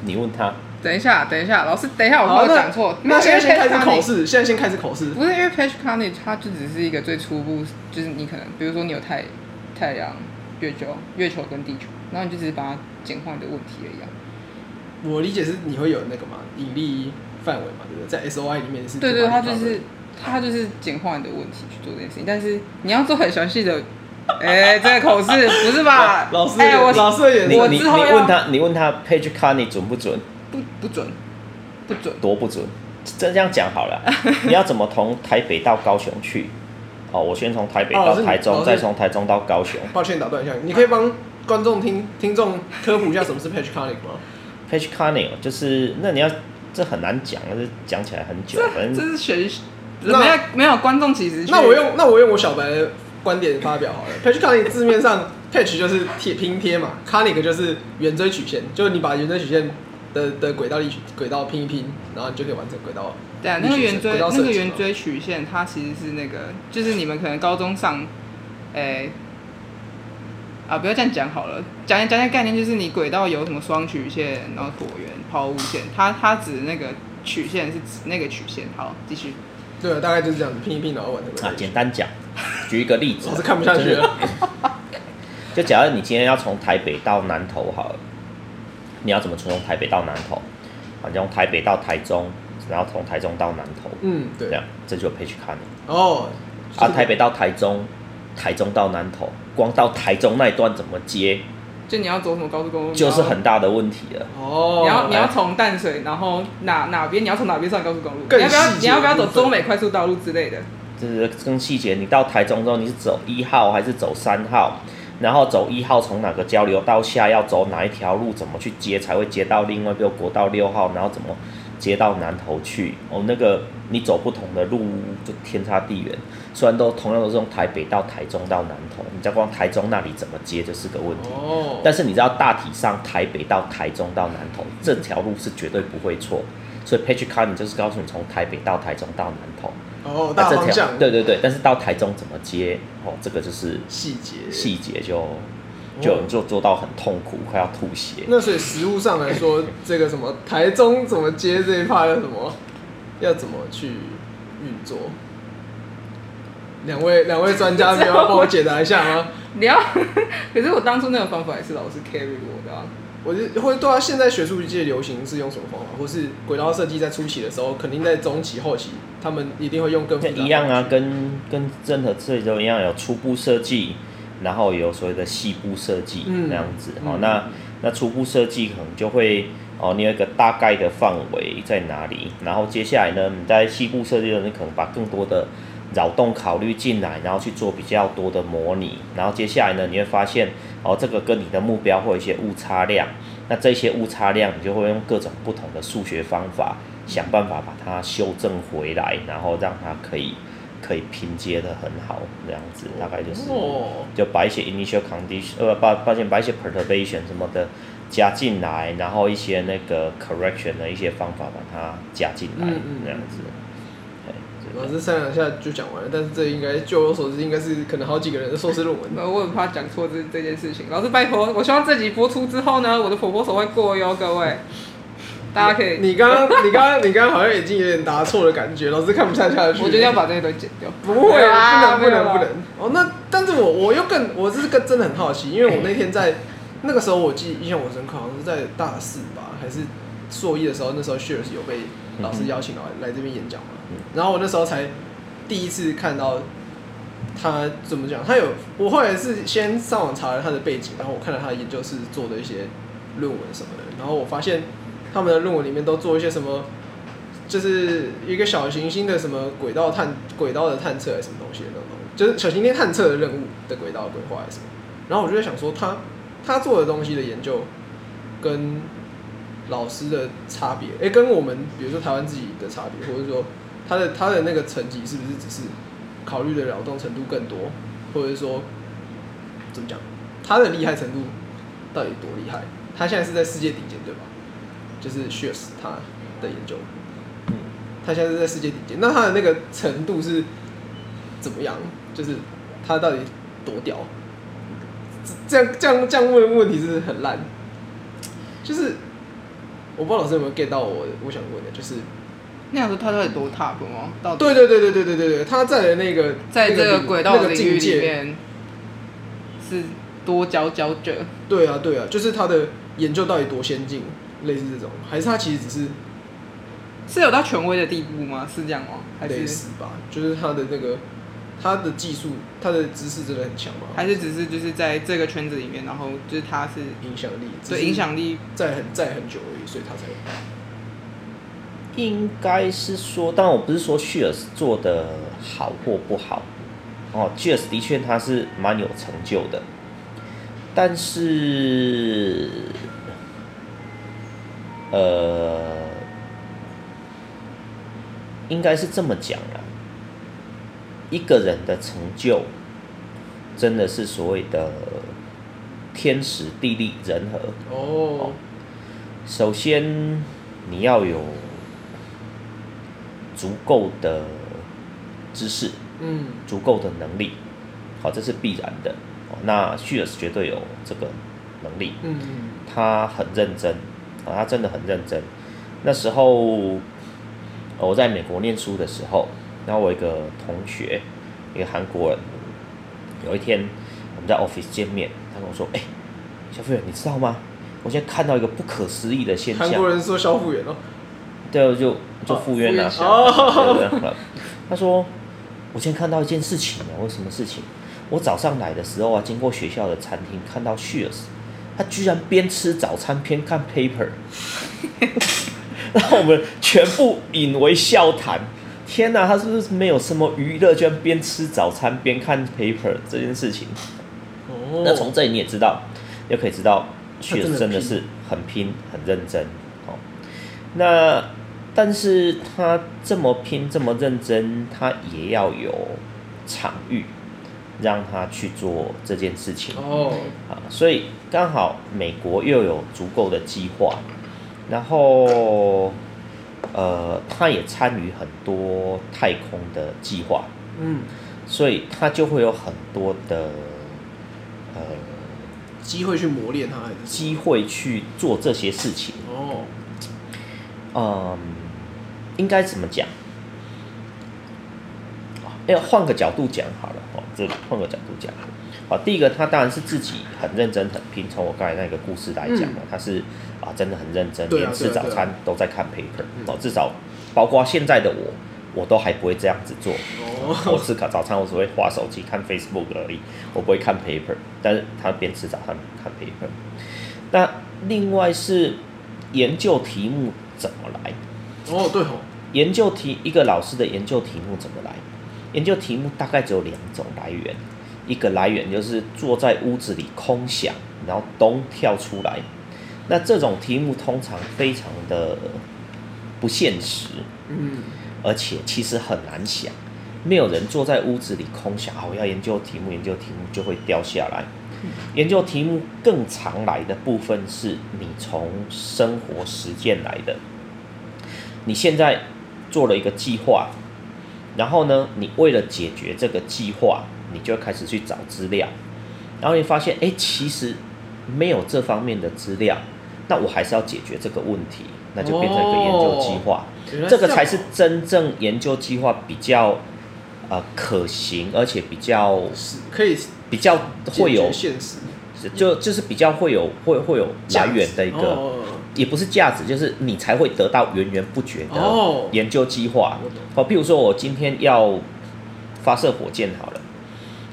你問他。等一下，等一下，老師，等一下我，我不會講錯。那有為現在先開始考試，age, 現在先開始考試。不是，因為 patched conic 它就只是一個最初步，就是你可能比如說你有太太陽、月球、月球跟地球，然後你就只是把它簡化的問題而已。我理解是你會有那個嘛引力範圍嘛，對不對？在 S O I 裡面，是對對，他就是他就是簡化你的問題去做這件事情，但是你要做很詳細的，哎，這個口試不是吧？老師，哎，老師也，誒師也你你，你問他，你問他 patched conic 準不準？不不準，不準，多不準。這這樣講好了， 你要怎麼從台北到高雄去？哦，我先從台北到台中，啊、再從台中到高雄。抱歉，打斷一下，你可以幫觀眾聽聽眾科普一下什麼是 patched conic 嗎？Patch conic 就是那你要這很難講，這講起來很久。反正 這是學，那沒有沒有觀眾其實。那我用那我用我小白的觀點發表好了。Patch conic 字面上 ，patch 就是貼拼貼嘛 conic 就是圓錐曲線，就是你把圓錐曲線的的軌道力、軌道拼一拼，然後你就可以完成軌道了。對啊，那個圓錐那個圓錐曲線，它其實是那個，就是你們可能高中上，哎、欸。啊，不要這樣講好了。講講那概念就是你軌道有什麼雙曲線，然後橢圓、拋物 Okay. 線，它它指那個曲線是指那個曲線。好，繼續。對了，大概就是這樣子，拼一拼，然後對對啊，簡單講，舉一個例子。我 是看不下去了。就是、就假設你今天要從台北到南投好了，你要怎麼從台北到南投？啊、你從台北到台中，然後從台中到南投。嗯，對。這樣，這就配去看了。哦。就是、啊，台北到台中，台中到南投。光到台中那一段怎麼接？就你要走什麼高速公路？就是很大的問題了。後哦，你要來你要從淡水，然後哪哪邊？你要從哪邊上高速公路？更細你要不要你要不要走中美快速道路之類的？就是更細節，你到台中之後，你是走一號還是走三號？然後走一號從哪個交流到下？要走哪一條路？怎麼去接才會接到另外一個國道六號？然後怎麼？接到南投去，哦，那個你走不同的路就天差地遠。雖然都同樣都是從台北到台中到南投，你再光台中那裡怎麼接就是個問題。哦，但是你知道大體上台北到台中到南投這條路是絕對不會錯，所以 PageCar d 就是告訴你從台北到台中到南投。哦，大方向。那這條對對對，但是到台中怎麼接，哦，這個就是細節，細節節就。就做做到很痛苦，快要吐血。那所以，實務上來說，這個什麼台中怎麼接這一趴，要什麼，要怎麼去運作？兩位兩位專家，你要幫我解答一下嗎、就是？你要？可是我當初那個方法也是老師 carry 我的啊。我就會對他現在學術界流行是用什麼方法？或是軌道設計在初期的時候，肯定在中期後期，他們一定會用更多方法樣一樣啊，跟跟任何最終一樣，有初步設計。然後有所謂的細部設計那樣子好，嗯嗯、那那初步設計可能就會哦，你有一個大概的範圍在哪裡？然後接下來呢，你在細部設計的時候，你可能把更多的擾動考慮進來，然後去做比較多的模擬。然後接下來呢，你會發現哦，這個跟你的目標會有一些誤差量，那這些誤差量你就會用各種不同的數學方法、嗯、想辦法把它修正回來，然後讓它可以。可以拼接得很好，這樣子大概就是，就把一些 initial condition，呃、oh.，把把一些 perturbation 什麼的加進來，然後一些那個 correction 的一些方法把它加進來，嗯，嗯，這樣子。老師三兩下就講完了，但是這應該據我所知，應該是可能好幾個人的碩士論文。我 我很怕講錯這這件事情，老師拜托，我希望這集播出之後呢，我的婆婆手會過喲，各位。大家可以你剛剛，你剛剛，你剛剛好像已經有點答錯的感覺，老師看不下去了。 我覺得要把這些都剪掉。不會啊，不能，不能，不能。哦，那，但是我，我又更，我是更真的很好奇，因為我那天在、欸、那個時候，我記得印象，我好像好像是在大四吧，還是碩一的時候，那時候 Shir 有被老師邀請來來這邊演講嘛。嗯、哼然後我那時候才第一次看到他怎麼講，他有，我後來是先上網查了他的背景，然後我看了他的研究室做的一些論文什麼的，然後我發現。他們的論文裡面都做一些什麼？就是一個小行星的什麼軌道探軌道的探測還是什麼東西的那種，就是小行星探測的任務的軌道規劃還是什麼。然後我就在想說他，他他做的東西的研究跟老師的差別，哎、欸，跟我們比如說台灣自己的差別，或者說他的他的那個成績是不是只是考慮的擾動程度更多，或者說怎麼講他的厲害程度到底多厲害？他現在是在世界頂尖，對吧？就是 Shears 他的研究，嗯，他現在是在世界頂尖。那他的那個程度是怎麼樣？就是他到底多屌？這樣這樣這樣問問題是很爛。就是我不知道老師有沒有 get 到我我想問的，就是那樣子他到底多 top 嗎？到底，對對對對對對對對，他在的那個在這個軌道領域裡面是多佼佼者。對啊對啊，就是他的研究到底多先進？類似這種，還是他其實只是，是有到權威的地步嗎？是這樣嗎？還是吧，就是他的這、那個，他的技術，他的知識真的很強嗎？還是只是就是在這個圈子裡面，然後就是他是影響力，以影響力在很在很久而已，所以他才。應該是說，但我不是說希爾斯做的好或不好，哦希爾斯的確他是蠻有成就的，但是。呃，應該是這麼講了，啊，一個人的成就，真的是所謂的天時地利人和哦。Oh. 首先你要有足夠的知識，嗯，Mm. 足夠的能力，好，這是必然的。那旭兒是絕對有這個能力，嗯，他很認真。啊，他真的很認真。那時候、呃，我在美國念書的時候，那我一個同學，一個韓國人，有一天我們在 office 見面，他跟我說：“哎、欸，小富元，你知道嗎？我現在看到一個不可思議的現象。”韓國人說：“小富元哦。”對，就做富元啊。他說：“我先看到一件事情哦、啊，什麼事情？我早上來的時候啊，經過學校的餐廳，看到去 s 他居然邊吃早餐邊看 paper， 讓我們全部引為笑談。天哪、啊，他是不是沒有什麼娛樂，居然邊吃早餐邊看 paper 這件事情？哦、那從這裡你也知道，你也可以知道確實真，真的是很拼、很認真。哦、那但是他這麼拼、這麼認真，他也要有場域。讓他去做這件事情哦，oh. 啊，所以剛好美國又有足夠的計劃，然後，呃，他也參與很多太空的計劃，嗯，所以他就會有很多的呃機會去磨練他，機會去做這些事情哦，oh. 嗯，應該怎麼講？要、欸，換個角度講好了。這換個角度講，好，啊，第一個他當然是自己很認真很拼。從我剛才那個故事來講嘛，嗯、他是啊真的很認真，啊、連吃早餐都在看 paper，啊啊啊、哦。至少包括現在的我，我都還不會這樣子做。我吃個早餐，我只，我只會滑手機看 Facebook 而已，我不會看 paper。但是他邊吃早餐看 paper。那另外是研究題目怎麼來？哦，對哦，研究題一個老師的研究題目怎麼來？研究題目大概只有兩種來源，一個來源就是坐在屋子裡空想，然後咚跳出來。那這種題目通常非常的不現實，嗯，而且其實很難想，沒有人坐在屋子裡空想，好，我要研究題目，研究題目就會掉下來。研究題目更常來的部分是你從生活實踐來的，你現在做了一個計劃。然後呢，你為了解決這個計劃，你就開始去找資料，然後你發現，哎，其實沒有這方面的資料，那我還是要解決這個問題，那就變成一個研究計劃。哦、這個才是真正研究計劃比較、呃、可行，而且比較可以比較會有現實，會有嗯、就就是比較會有會會有來源的一個。也不是價值，就是你才會得到源源不絕的研究計劃。哦、oh, okay. 好，譬如說，我今天要發射火箭好了，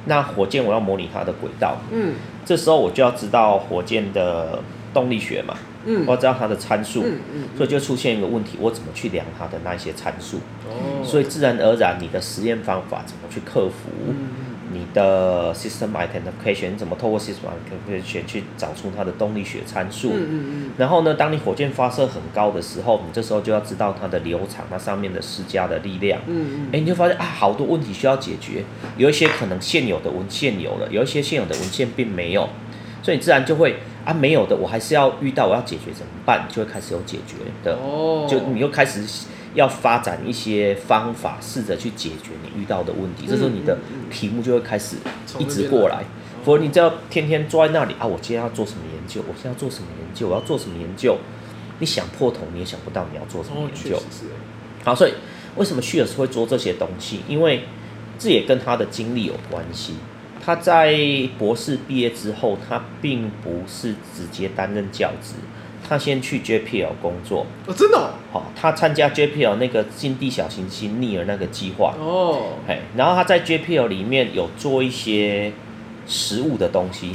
那火箭我要模擬它的軌道。嗯，mm. 這時候我就要知道火箭的動力學嘛。嗯，mm. 我要知道它的參數。嗯、mm. 所以就出現一個問題：我怎麼去量它的那些參數？Oh. 所以自然而然，你的實驗方法怎麼去克服？Mm. 你的 system identification 可以選怎麼透過 system identification 去找出它的動力學參數。嗯嗯嗯。然後呢，當你火箭發射很高的時候，你這時候就要知道它的流場、它上面的施加的力量。嗯嗯、欸、你就發現啊，好多問題需要解決，有一些可能現有的文獻有了，有一些現有的文獻並沒有，所以你自然就會啊，沒有的，我還是要遇到，我要解決怎麼辦，就會開始有解決的。哦。就你又開始。要發展一些方法，試着去解決你遇到的問題。嗯、這時候你的題目就會開始一直過來，嗯嗯、來，否則你只要天天坐在那裡好啊，我今天要做什麼研究？我現在要做什麼研究？我要做什麼研究？你想破頭你也想不到你要做什麼研究。哦、確實是、好，所以為什麼蕭老師會做這些東西？因為這也跟他的經歷有關係。他在博士畢業之後，他並不是直接擔任教職。他先去 JPL 工作，哦，真的哦？好，他參加 JPL 那個近地小行星 NEAR 那個計劃哦，然後他在 JPL 裡面有做一些實物的東西。